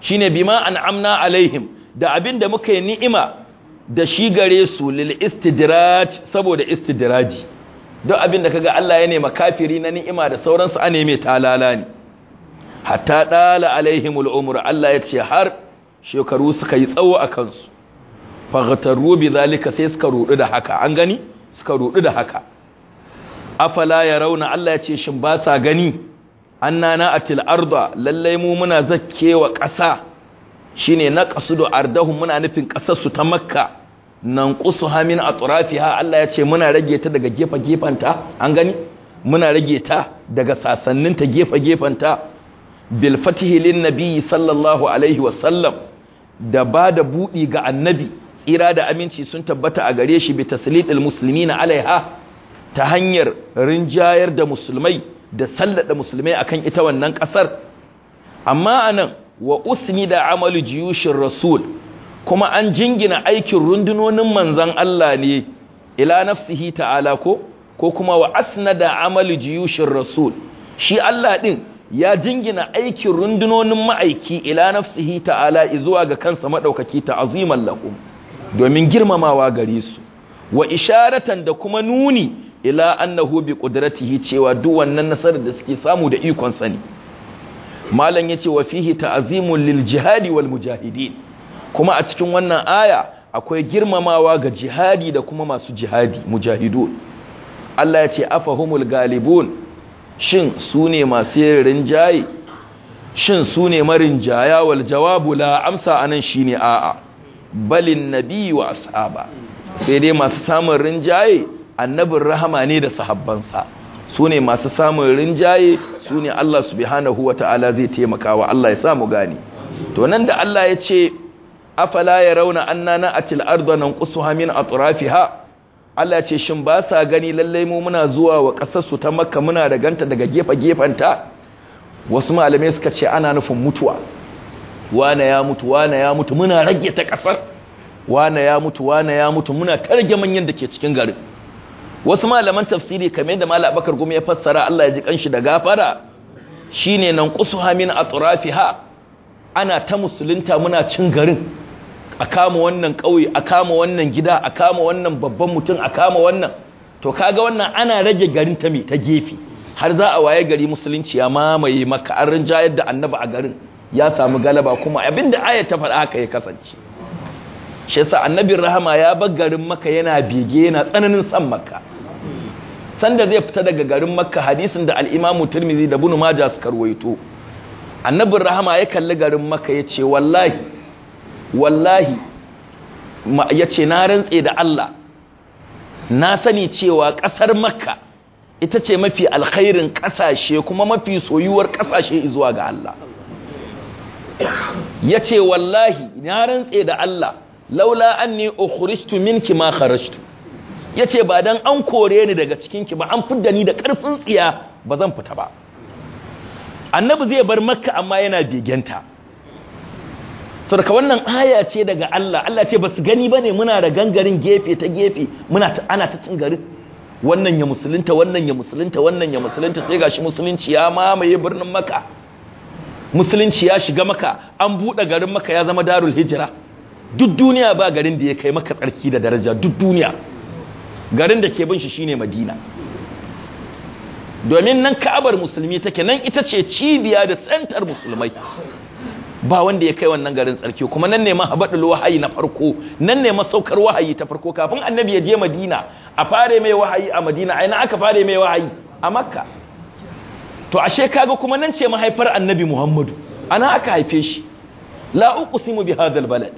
shine bima an'amna alaihim da abin da muka yi ni'ima da shi gare su lil istidraj saboda istidraji duk abin da kaga Allah ya nema kafiri na ni'ima da sauransu a neme talala ne hatta dala alaihimul umur Allah ya ce har shekaru suka yi tsawo a kansu faghtaru bi zalika sai suka rudu da haka an gani suka rudu da haka afala yarawna Allah ya ce shin ba sa gani annana atil arda lallai mu muna zakkewa ƙasa shine naqsudu ardahum muna nufin ƙasar su ta makka nan a min atrafiha Allah ya ce muna rage ta daga gefa gefanta an gani muna rage ta daga ta gefa gefanta bil fatihi lin nabi sallallahu alaihi da ba da buɗi ga annabi ira da aminci sun tabbata a gare shi bi taslidil muslimina alaiha ta hanyar rinjayar da musulmai da sallada musulmai akan ita wannan kasar amma anan wa usmi da amalu jiyushin rasul kuma an jingina aikin rundunonin manzan Allah ne ila nafsihi ta'ala ko ko kuma wa da amalu jiyushin rasul shi Allah din ya jingina aikin rundunonin ma'aiki ila nafsihi ta'ala zuwa ga kansa madaukaki ta'aziman lahum domin girmamawa gare su wa isharatan da kuma nuni ila annahu bi qudratihi cewa duk wannan nasarar da suke samu da ikon sani. malam yace wa fihi ta'zimun lil jihadi wal mujahidin kuma a cikin wannan aya akwai girmamawa ga jihadi da kuma masu jihadi mujahidun Allah yace afahumul galibun shin su ne masu yin rinjaye shin su ne jaya wal jawabu la amsa anan shine a'a balin nabi wa ashaba sai dai masu samun rinjaye annabin rahama ne da sahabbansa su ne masu samun rinjaye su ne Allah subhanahu wa ta'ala zai taimakawa Allah ya samu gani to nan da Allah ya ce afala ya rauna annana atil arda nan qusuha min atrafiha Allah ce shin ba sa gani lallai mu muna zuwa wa ƙasarsu ta makka muna da ganta daga gefe-gefenta wasu malamai suka ce ana nufin mutuwa wane ya mutu wane ya mutu muna rage ta ƙasar wane ya mutu wane ya mutu muna karge manyan da ke cikin garin wasu malaman tafsiri kamar da malam abakar gumi ya fassara Allah ya ji kanshi da gafara shine nan qusuha min atrafiha ana ta musulunta muna cin garin a kama wannan kauye a kama wannan gida a kama wannan babban mutum a kama wannan to kaga wannan ana rage garin ta ta gefe har za a waye gari musulunci ya mamaye maka an rinja da annaba a garin ya samu galaba kuma abinda aya ta faɗa haka ya kasance shi yasa annabin rahama ya bar garin maka yana bege yana tsananin san maka sanda zai fita daga garin makka hadisin da al'imamu turmizi da bunu maja karwaito annabi annabin rahama ya kalli garin makka ya ce wallahi wallahi ya ce na rantse da Allah na sani cewa ƙasar makka ita ce mafi alkhairin ƙasashe kuma mafi soyuwar ƙasashe zuwa ga Allah ya ce wallahi na rantse da Allah laula an ne ukhristu minki ma kharajtu ya ce ba don an kore ni daga cikinki ba an fidda ni da ƙarfin tsiya ba zan fita ba annabi zai bar makka amma yana begenta so daga wannan aya ce daga Allah Allah ce ba su gani ba ne muna da gangarin gefe ta gefe muna ta ana ta cin garin wannan ya musulunta wannan ya musulunta wannan ya musulunta sai gashi musulunci ya mamaye birnin maka. musulunci ya shiga maka, an buɗe garin maka ya zama darul hijira duk duniya ba garin da ya kai maka tsarki da daraja duk duniya garin da ke bin shi shine Madina domin nan Ka'abar musulmi take nan ita ce cibiya da tsantar musulmai ba wanda ya kai wannan garin tsarki kuma nan ne mahabadul wahayi na farko nan ne saukar wahayi ta farko kafin annabi ya je madina a fare mai wahayi a madina aina aka fare mai wahayi a makka to ashe kaga kuma nan ce mahaifar annabi muhammadu ana aka haife shi la uqsimu bi hadal balad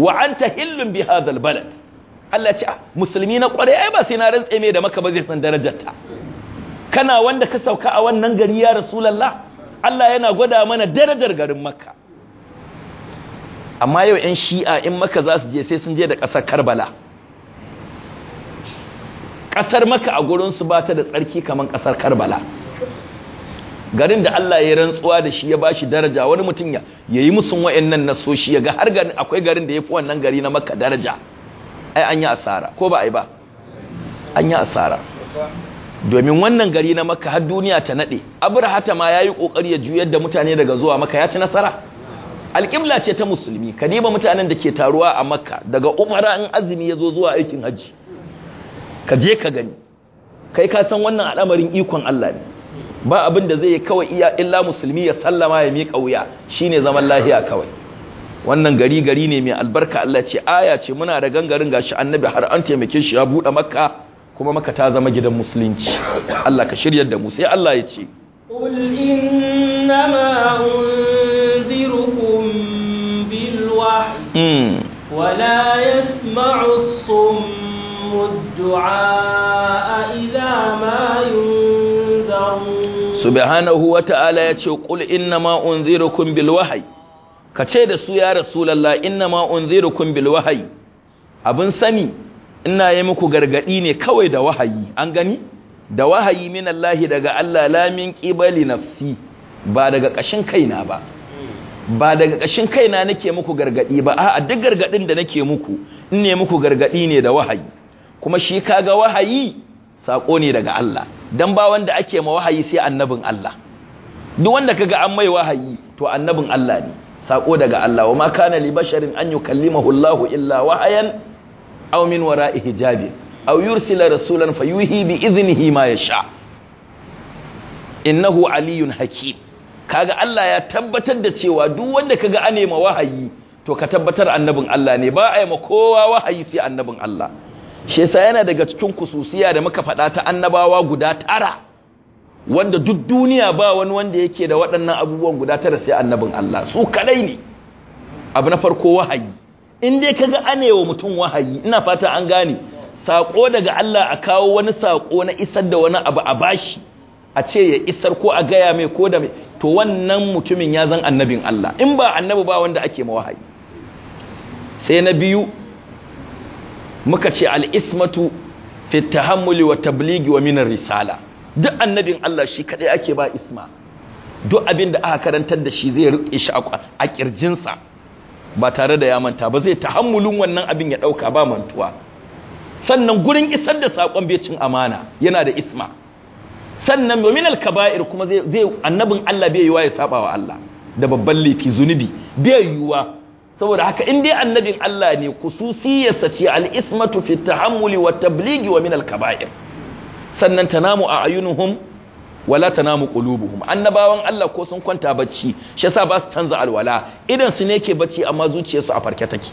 wa anta hillun bi hadal balad Allah ce ah, musulmi na kware ai ba sai na rantse mai da maka ba zai san darajarta kana wanda ka sauka a wannan gari ya rasulullah Allah yana gwada mana darajar garin makka amma yau 'yan shi'a in maka za su je sai sun je da ƙasar karbala ƙasar maka a gurinsu ba ta da tsarki kamar ƙasar karbala garin da Allah ya rantsuwa da shi ya ba shi daraja wani mutum ya yi musun na nasoshi ya ga har garin akwai garin da ya fi wannan gari na maka daraja ai an yi asara ko ba ai ba an yi asara domin wannan gari na maka har duniya ta naɗe abrahata ma ya yi ƙoƙari ya juyar da mutane daga zuwa maka ya ci nasara alƙibla ce ta musulmi ka diba mutanen da ke taruwa a makka daga umara in azumi ya zo zuwa aikin hajji ka je ka gani kai ka san wannan al'amarin ikon Allah ne ba abin da zai kawai iya illa musulmi ya sallama ya miƙa wuya shine zaman lahiya kawai wannan gari gari ne mai albarka Allah ce aya ce muna da gangarin gashi annabi har an taimake shi ya buɗe makka kuma makka ta zama gidan musulunci Allah ka shirya da mu sai Allah ya ce قل إنما أنزل Hmm. ولا يسمع الصم الدعاء إذا ما ينذرون سبحانه وتعالى يقول إنما أنذركم بالوحي kace da su ya rasulullah innama unzirukum bil wahyi abun sani ina yi muku gargadi ne kawai da wahayi an gani da wahayi min Allah daga Allah la min qibali nafsi ba daga kashin kaina ba ba daga ƙashin kaina nake muku gargaɗi ba a'a duk gargaɗin da nake muku in ne muku gargaɗi ne da wahayi kuma shi ka ga wahayi sako ne daga Allah Don ba wanda ake ma wahayi sai annabin Allah duk wanda ka ga an mai wahayi to annabin Allah ne sako daga Allah wa ma kana li basharin an yukallimahu hullahu illa wahayan aw min wara'i hijabin aw yursila rasulan fayuhi bi idnihi ma yasha innahu Aliyun hakim kaga Allah ya tabbatar da cewa duk wanda kaga ane ma wahayi to ka tabbatar annabin Allah ne ba a yi ma kowa wahayi sai annabin Allah shi yasa yana daga cikin kususiya da muka faɗa ta annabawa guda tara wanda duk duniya ba wani wanda yake da waɗannan abubuwan guda tara sai annabin Allah su kadai ne abu na farko wahayi in dai kaga ane wa mutum wahayi ina fata an gane sako daga Allah a kawo wani sako na isar da wani abu a bashi a ce ya isar ko a gaya mai ko da to wannan mutumin ya zan annabin Allah in ba annabi ba wanda ake mawahayi sai na biyu muka ce al'ismatu fi tahammuli wa tabligi wa minar risala duk annabin Allah shi kadai ake ba isma duk abin da aka karantar da shi zai rike shi a kirjinsa ba tare da ya manta ba zai tahammulin wannan abin ya ɗauka ba mantuwa sannan gurin isar da sakon becin amana yana da isma sannan min al-kaba'ir kuma zai annabin Allah bai yiwa ya saba wa Allah da babban laifi zunubi bai yiwa saboda haka in dai annabin Allah ne khususiyarsa ce al-ismatu fi tahammuli wa tabligi wa min al-kaba'ir sannan tanamu a ayunuhum wala tanamu qulubuhum annabawan Allah ko sun kwanta bacci shi yasa ba su canza alwala idan su ne ke bacci amma zuciyarsu a farke take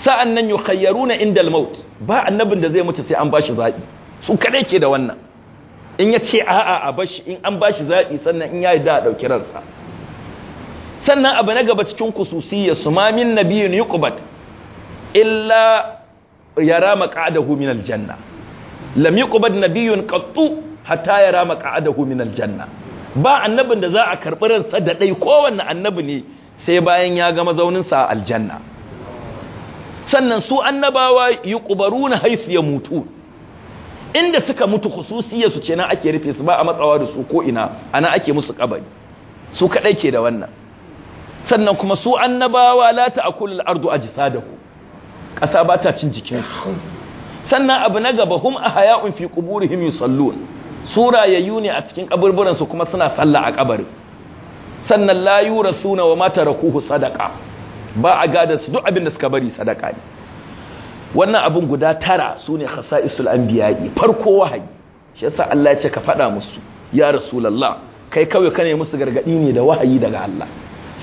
sa'annan yukhayyaruna indal maut ba annabin da zai mutu sai an bashi zabi su kaɗai ke da wannan in ya ce a'a a bashi in an bashi zaɓi sannan in ya yi da a ɗauki ransa sannan abu na gaba cikin kususiyya su ma min nabiyin yuqbat illa yara maq'adahu min aljanna lam yuqbad nabiyun qattu hatta yara maq'adahu min aljanna ba annabin da za a karɓi ransa da ɗai kowanne annabi ne sai bayan ya ga mazauninsa a aljanna sannan su annabawa na haisu ya mutu inda suka mutu khususiyar su ce na ake rufe su ba a matsawa da su ko ina ana ake musu kabari su kadai ke da wannan sannan kuma su annabawa la ta'kulul ardu ajsadahu ƙasa ba ta cin jikinsu sannan abu na gaba hum ahya'un fi quburihim yusallun su rayayyu ne a cikin kaburburan su kuma suna sallah a kabarin sannan la yurasuna wa ma tarakuhu sadaqa ba a gada su duk abin da suka bari sadaka ne wannan abin guda tara su ne khasa'isul anbiya'i farko wahayi shi yasa Allah ya ce ka faɗa musu ya rasulullah kai kawai ka ne musu gargadi ne da wahayi daga Allah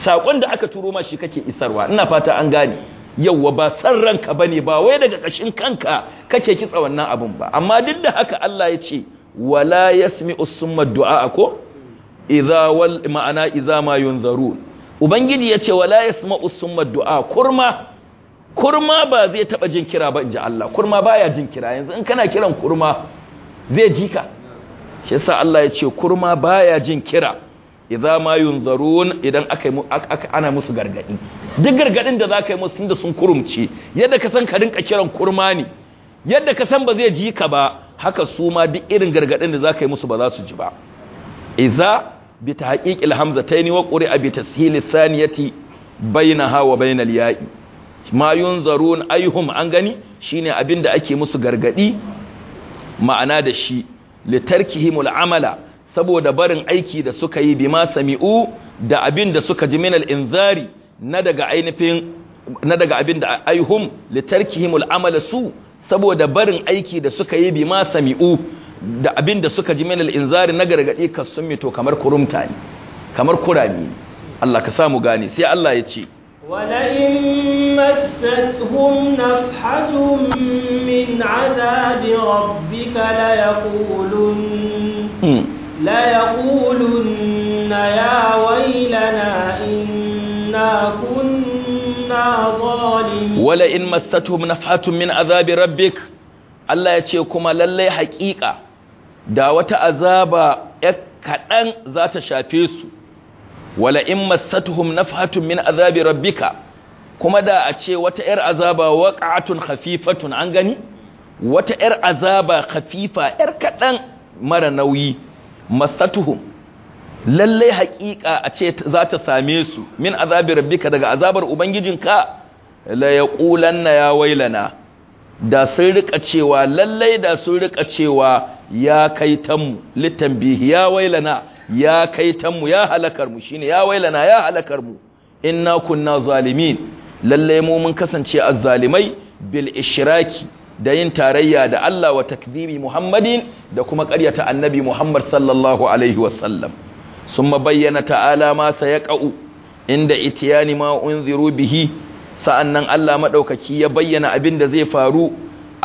sakon da aka turo ma shi kake isarwa ina fata an gane Yau ba san ranka bane ba wai daga kashin kanka kake kitsa wannan abin ba amma duk da haka Allah ya ce wala yasmi'u summa du'a ko idza wal ma'ana idza ma yunzarun ubangiji ya ce wala yasma'u summa du'a kurma kurma ba zai taba jin kira ba inji ji Allah kurma baya jin kira yanzu in kana kiran kurma zai ji ka shi yasa Allah ya ce kurma baya jin kira idza ma yunzarun idan ana musu gargadi duk gargadin da zakai musu tunda sun kurumce yadda ka san ka rinka kiran kurma ne yadda ka san ba zai ji ka ba haka su ma duk irin gargadin da zakai yi musu ba za su ji ba idza bi tahqiqil hamzataini wa quri'a bi tashil thaniyati bainaha wa bainal ya'i ma zaron aihum an gani shine da ake musu gargadi ma'ana da shi litarkihimul amala saboda barin aiki da suka yi bima sami'u da abin da suka ji minal inzari na daga ainifin na daga da aihum litarkihimul amala su saboda barin aiki da suka yi bima sami'u da abin da suka ji minal inzari na gargadi kasummi to kamar kurumta ne kamar kurami Allah ka samu gane sai Allah ya ce ولئن مستهم نفحة من عذاب ربك ليقولن ليقولن يا ويلنا إنا كنا ظالمين ولئن مستهم نفحة من عذاب ربك Allah ya ce kuma lallai haƙiƙa da wata azaba ‘yar kaɗan za ta shafe su’ wala in massatuhum nafhatun min azabi rabbika kuma da a ce wata yar azaba waqa'atun khafifatun an gani wata yar azaba khafifa yar kadan mara nauyi massatuhum lalle haƙiƙa a ce za ta same su min azabi rabbika daga azabar ubangijinka la yaqulanna ya wailana da sun rika cewa lallai da sun rika cewa ya kai litan ya wailana ya kaitanmu ya halakar mu shine ya wailana ya halakar mu inna kunna zalimin lalle mu mun kasance azzalimai bil ishraki da yin tarayya da Allah wa takdhibi Muhammadin da kuma ƙaryata annabi Muhammad sallallahu alaihi wasallam summa bayyana ta'ala ma sayaqau inda itiyani ma unziru bihi sa'annan Allah madaukaki ya bayyana abin da zai faru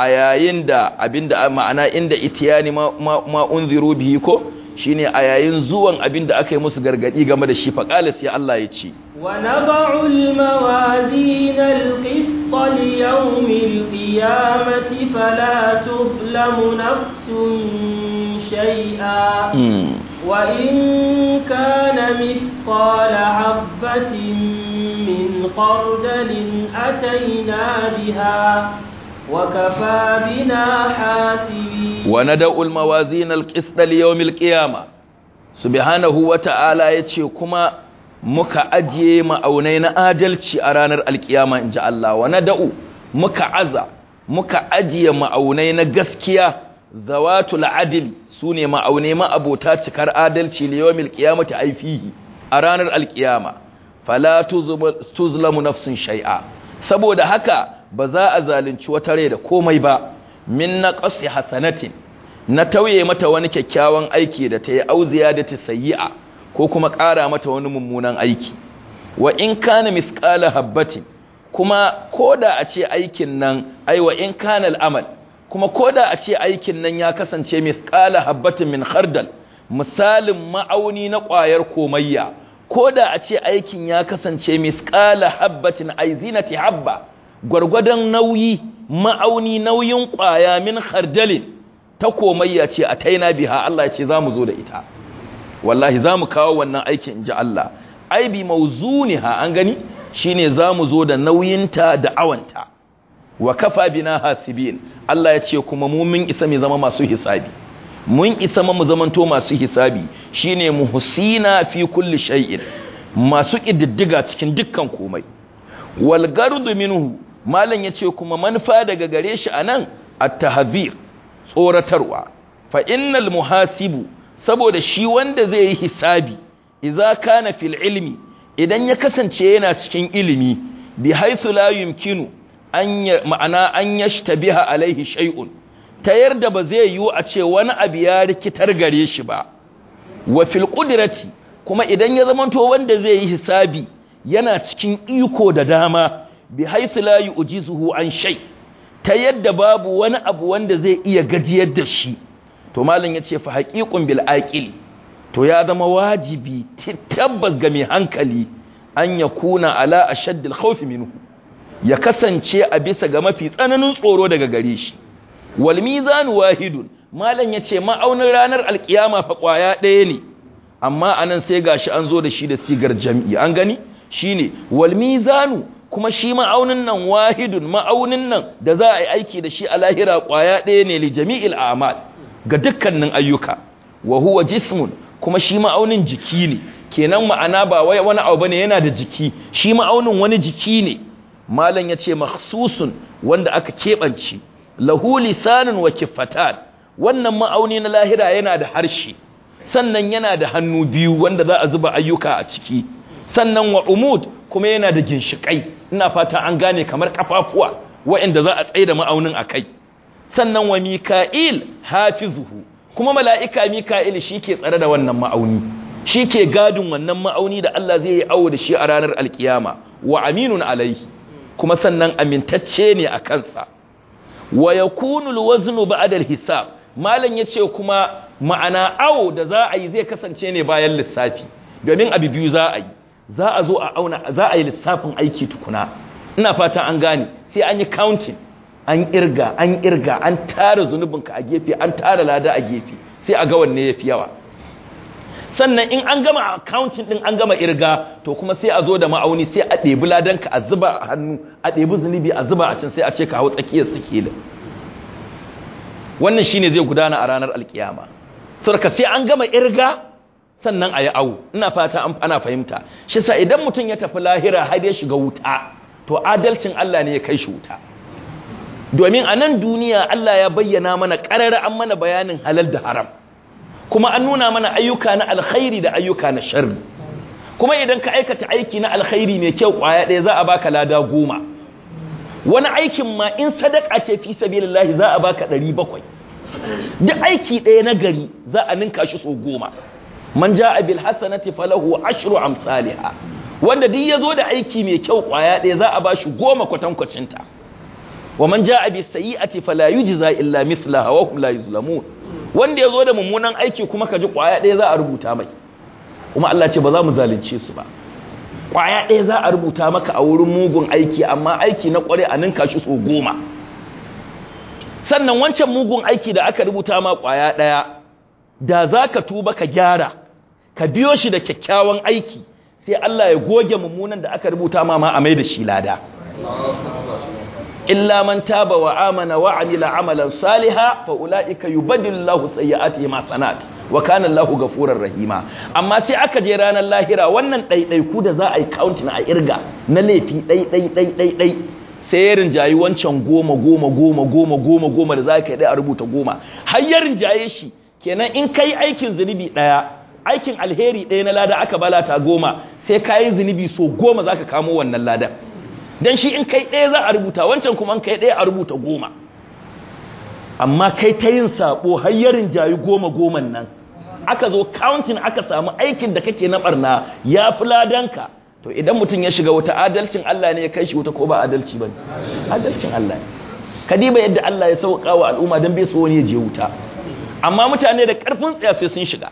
a yayin da abin da ma'ana inda itiyani ma, ma, ma unziru bihi ko shine a yayin zuwan abin da aka yi musu gargadi game da shi faqala sai Allah ya ce wa nad'u al-mawazin al-qist li yawm al-qiyamati fala tuzlamu nafsun shay'a hmm. wa in kana mithqala habatin min qardalin atayna biha وكفى بنا حاسبين وندع الموازين القسط ليوم القيامة سبحانه وتعالى يتشي كما muka ajiye ma'aunai na adalci a ranar alkiyama in ji Allah wa nada'u muka aza muka ajiye ma'aunai na gaskiya zawatul adil su ne ma'aunai ma'abota cikar adalci liyomil qiyamati aifihi a ranar alkiyama fala tuzlamu nafsun shay'a saboda haka ba za a zalunci wata rai da komai ba min na ƙasi hasanatin na tauye mata wani kyakkyawan aiki da ta yi auziya da ta sayi'a ko kuma ƙara mata wani mummunan aiki wa in kana misqala habbatin kuma koda a ce aikin nan ai wa in kana al'amal kuma koda a ce aikin nan ya kasance misqala habbatin min hardal, misalin ma'auni na ƙwayar komayya koda a ce aikin ya kasance misqala habbatin ai zinati habba gwargwadon nauyi ma'auni nauyin ƙwaya min hardalin ta komayya ce a taina biha Allah ya ce za mu zo da ita wallahi za mu kawo wannan aikin in ji Allah aibi ha an gani shi ne za mu zo da nauyinta da awanta wa kafa bina hasibin Allah ya ce kuma mu mun isa mu zama masu hisabi mun isa mu zamanto masu hisabi Shi shine muhsina fi kulli shay'in masu ƙididdiga cikin dukkan komai wal gardu minhu malam ya ce kuma manufa daga gare shi a nan a tahzir tsoratarwa fa innal muhasibu saboda shi wanda zai yi hisabi iza kana fil ilmi idan ya kasance yana cikin ilimi bi haisu la yumkinu an ma'ana an yashtabiha alaihi Shai'un, ta yarda ba zai yiwu a ce wani abu ya rikitar gare shi ba wa fil kuma idan ya zamanto wanda zai yi hisabi yana cikin iko da dama bi haisu la yu'jizuhu an shay ta yadda babu wani abu wanda zai iya gajiyar da shi to malam yace fa haqiqun bil aqil to ya zama wajibi tabbas ga mai hankali an kuna ala al khawf minhu ya kasance a bisa ga mafi tsananin tsoro daga gare shi wal mizan wahidun malam yace ma'aunin ranar alkiyama fa kwaya ɗaya ne amma anan sai gashi an zo da shi da sigar jami'i an gani shine wal mizanu kuma shi ma'aunin nan wahidun ma'aunin nan da za a yi aiki da shi a lahira ƙwaya ɗaya ne li jami'il a'mal ga dukkanin ayyuka wa huwa jismun kuma shi ma'aunin jiki ne kenan ma'ana ba wai wani abu bane yana da jiki shi ma'aunin wani jiki ne malam yace makhsusun wanda aka kebanci lahu lisanun wa kifatan wannan ma'auni na lahira yana da harshe sannan yana da hannu biyu wanda za a zuba ayyuka a ciki sannan wa umud kuma yana da ginshikai ina fata an gane kamar kafafuwa waɗanda za a tsaye da ma'aunin a kai sannan wa mika'il hafizuhu kuma mala'ika mika'il shi ke tsare da wannan ma'auni shi ke gadin wannan ma'auni da Allah zai yi awo da shi a ranar alkiyama wa aminun alaihi kuma sannan amintacce ne a kansa wa yakunu alwaznu ba'da alhisab malam yace kuma ma'ana awo da za a yi zai kasance ne bayan lissafi domin abu biyu za a yi za a zo a auna za a yi lissafin aiki tukuna ina fatan an gane sai an yi counting an irga an irga an tara zunubinka a gefe an tara lada a gefe sai a ga wanne ya fi yawa sannan in an gama accounting din an gama irga to kuma sai a zo da ma'auni sai a ɗebi ladanka a zuba a hannu a ɗebi zunubi a zuba a can sai a ce ka hau tsakiyar sikila wannan shine zai gudana a ranar alkiyama Sarka sai an gama irga sannan a yi awu ina fata ana fahimta shi sa idan mutum ya tafi lahira har ya shiga wuta to adalcin Allah ne ya kai shi wuta domin a nan duniya Allah ya bayyana mana ƙarar an mana bayanin halal da haram kuma an nuna mana ayyuka na alkhairi da ayyuka na sharri kuma idan ka aikata aiki na alkhairi mai kyau kwaya ɗaya za a baka lada goma wani aikin ma in sadaka ce fi sabilillahi za a baka ɗari bakwai duk aiki ɗaya na gari za a ninka shi so goma man ja'a bil hasanati falahu ashru amsalha wanda duk yazo da aiki mai kyau kwaya ɗaya za a bashi goma kwatankwacin ta wa man ja'a bis sayyi'ati fala yujza illa mithlaha wa hum la yuzlamun wanda yazo da mummunan aiki kuma kaji kwaya daya za a rubuta mai kuma Allah ce ba za mu zalunce su ba kwaya ɗaya za a rubuta maka a wurin mugun aiki amma aiki na kware a ninka shi so goma sannan wancan mugun aiki da aka rubuta ma kwaya daya da za ka tuba ka gyara ka biyo shi da kyakkyawan aiki sai Allah ya goge mummunan da aka rubuta ma ma a mai da shi lada illa man taba wa amana wa amila amalan saliha fa ulaika yubaddilu Allahu sayyi'atihim hasanat wa kana ga ghafurur rahima amma sai aka je ranar lahira wannan ɗaiɗaiku da za a yi counting a irga na laifi dai dai sai ya rinjayi wancan goma goma goma goma goma goma da za ka yi a rubuta goma har ya rinjaye shi kenan in kai aikin zunubi ɗaya aikin alheri ɗaya na lada aka balata goma sai ka yi zunubi so goma za ka kamo wannan lada don shi in kai ɗaya za a rubuta wancan kuma in kai ɗaya a rubuta goma amma kai ta yin saɓo har yarin jayi goma goman nan aka zo kauntin aka samu aikin da kake na barna ya fi ladanka to idan mutum ya shiga wata adalcin Allah ne ya kai shi wata ko ba adalci ba adalcin Allah ne kadiba yadda Allah ya sauka wa al'umma don bai so wani ya je wuta amma mutane da ƙarfin tsaya sai sun shiga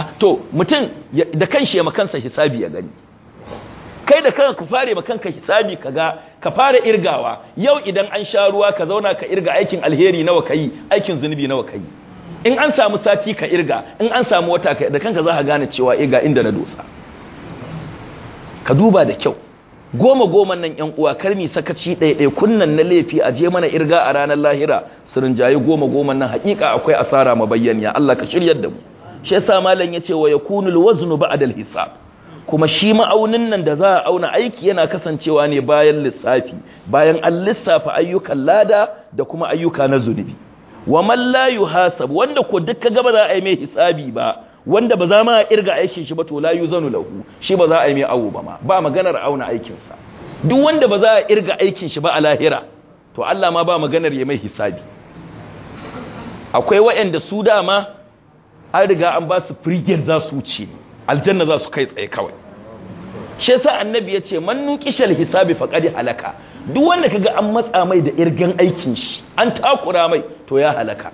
Ah, to mutum da kanshi ya makansa hisabi ya gani kai da kanka ku fare makanka hisabi kaga ka fara irgawa yau idan an sha ruwa ka zauna ka irga aikin alheri nawa kai aikin zunubi nawa kai in an samu sati ka irga in an samu wata ka da kanka za ka gane cewa irga eh, inda na dosa ka duba da kyau goma goma nan yan uwa karmi sakaci ɗaya-ɗaya, kunnan na laifi a je mana irga a ranar lahira su rinjaye goma goma nan hakika akwai asara mabayyaniya Allah ka shiryar da mu shi yasa malam yace wa yakunul waznu ba'da al-hisab kuma shi ma'aunin nan da za a auna aiki yana kasancewa ne bayan lissafi bayan an lissafa ayyukan lada da kuma ayyuka na zunubi wa man la yuhasab wanda ko duk kaga ba za a yi mai hisabi ba wanda ba za ma a irga aikin shi ba to la yuzanu lahu shi ba za a yi mai awo ba ma ba maganar auna aikin sa duk wanda ba za a irga aikin shi ba a lahira to Allah ma ba maganar ya mai hisabi akwai waɗanda su dama an riga an ba su firgen za su wuce aljanna za su kai tsaye kawai shi yasa annabi ya ce man nuqishal hisabi faqad halaka duk wanda kaga an matsa mai da irgan aikin shi an takura mai to ya halaka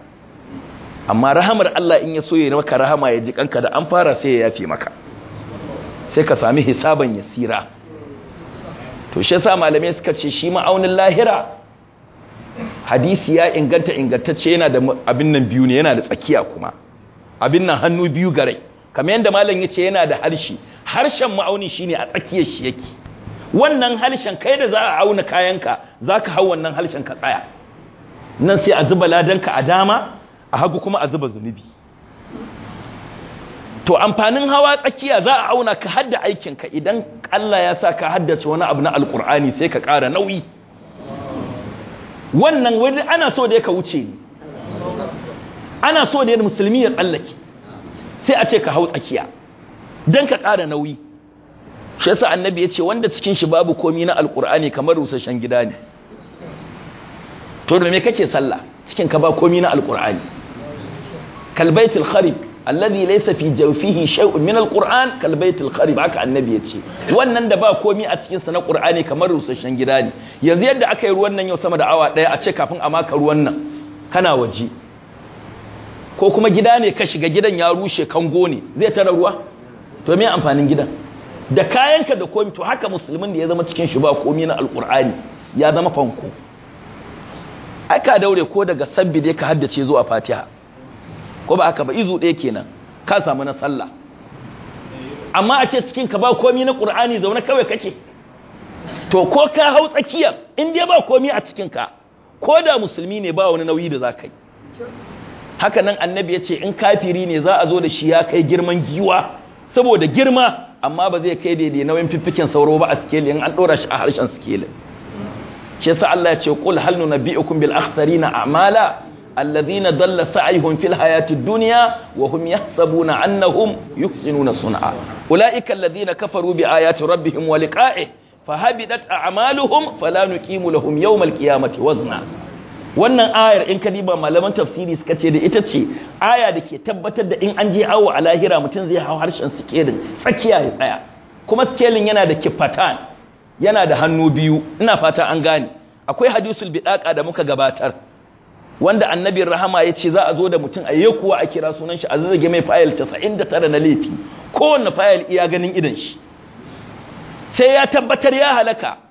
amma rahamar Allah in ya so ya maka rahama ya ji kanka da an fara sai ya yafe maka sai ka sami hisaban yasira to shi yasa malamai suka ce shi ma'aunin lahira hadisi ya inganta ingantacce yana da abin nan biyu ne yana da tsakiya kuma abin nan hannu biyu rai. kamar yadda malam ce yana da harshe harshen ma'auni shine a tsakiyar shi yake wannan harshen kai da za a auna kayanka ka hau wannan harshen ka tsaya nan sai a zuba ladanka a dama a hagu kuma a zuba zunubi to amfanin hawa tsakiya za a auna ka hadda aikinka idan Allah ya sa ka haddace wani abu na alkur'ani sai ka ƙara nauyi wannan wani ana so da ya ka wuce ni. ana so da ne musulmi ya tsallake sai a ce ka hau tsakiya don ka ƙara nauyi shi yasa annabi ya ce wanda cikin shi babu komi na alkur'ani kamar rusasshen gida ne to da me kake sallah cikin ka ba komi na alkur'ani kalbaitul kharib alladhi laysa fi jawfihi shay'un min alquran kalbaitul kharib haka annabi ya ce wannan da ba komi a cikin sa na qur'ani kamar rusasshen gida ne yanzu yadda aka yi ruwan nan yau sama da awa daya a ce kafin a maka ruwan nan kana waje ko kuma gida ne ka shiga gidan ya rushe kango ne zai tara ruwa to me amfanin gidan da kayanka da komi to haka musulmin da ya zama cikin shi ba komi na alkur'ani ya zama fanko aka daure ko daga sabbi da ka haddace zuwa fatiha ko ba haka ba izu ɗaya kenan ka samu na sallah amma a ce cikin ka ba komi na qur'ani zaune kawai kake to ko ka hau tsakiyar in dai ba komi a cikin ka ko da musulmi ne ba wani nauyi da za ka yi haka nan annabi ya ce in kafiri ne za a zo da shi ya kai girman giwa saboda girma amma ba zai kai daidai nauyin fiffiken sauro ba a sikeli in an ɗora shi a harshen sikeli shi yasa Allah ya ce qul hal nunabbi'ukum bil akhsarina a'mala alladhina dalla sa'ihum fil hayatid dunya wa hum yahsabuna annahum yuhsinuna sun'a ulaika alladhina kafaru bi ayati rabbihim wa liqa'ihi fahabidat a'maluhum fala nuqimu lahum yawmal qiyamati wazna wannan ayar in ka diba malaman tafsiri suka ce da ita ce aya da ke tabbatar da in an je awo a lahira mutum zai hau harshen sikelin tsakiya ya tsaya kuma sikelin yana da kifatan yana da hannu biyu ina fata an gane akwai hadisul bidaka da muka gabatar wanda annabin rahama ya ce za a zo da mutum a yi kuwa a kira sunan shi a zage mai fayil 99 na laifi kowanne fayil iya ganin idan shi sai ya tabbatar ya halaka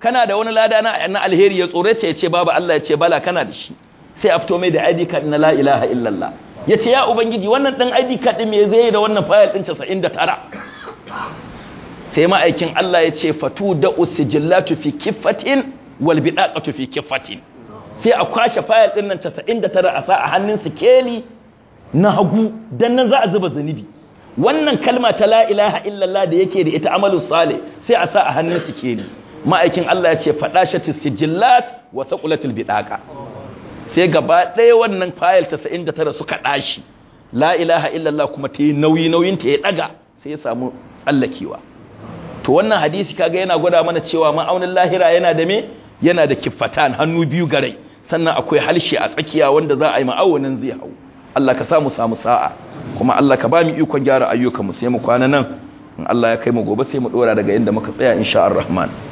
kana da wani lada na alheri ya tsorace ya ce babu Allah ya ce bala kana da shi sai a mai da ID card na la ilaha illallah ya ya ubangiji wannan dan ID card me zai da wannan file din tara. sai ma'aikin Allah ya ce fatu da usjillatu fi kiffatin wal bidaqatu fi kiffatin sai a kwashe file din nan 99 a sa a hannun su keli na hagu dan nan za a zuba zanubi wannan kalma ta la ilaha illallah da yake da ita amalus salih sai a sa a hannun su keli ma'aikin Allah ya ce faɗa fadashati sijillat wa taqulatil bidaqa sai gaba ɗaya wannan fayil 99 suka dashi la ilaha illallah kuma ta yi nauyi nauyin ta ya ɗaga sai ya samu tsallakewa to wannan hadisi kaga yana gwada mana cewa ma'aunin lahira yana da me yana da kiffatan hannu biyu garai sannan akwai halshe a tsakiya wanda za a yi ma'aunin zai hau Allah ka samu samu sa'a kuma Allah ka ba mu ikon gyara ayyukan mu sai mu kwana nan in Allah ya kai mu gobe sai mu dora daga inda muka tsaya insha Allah rahman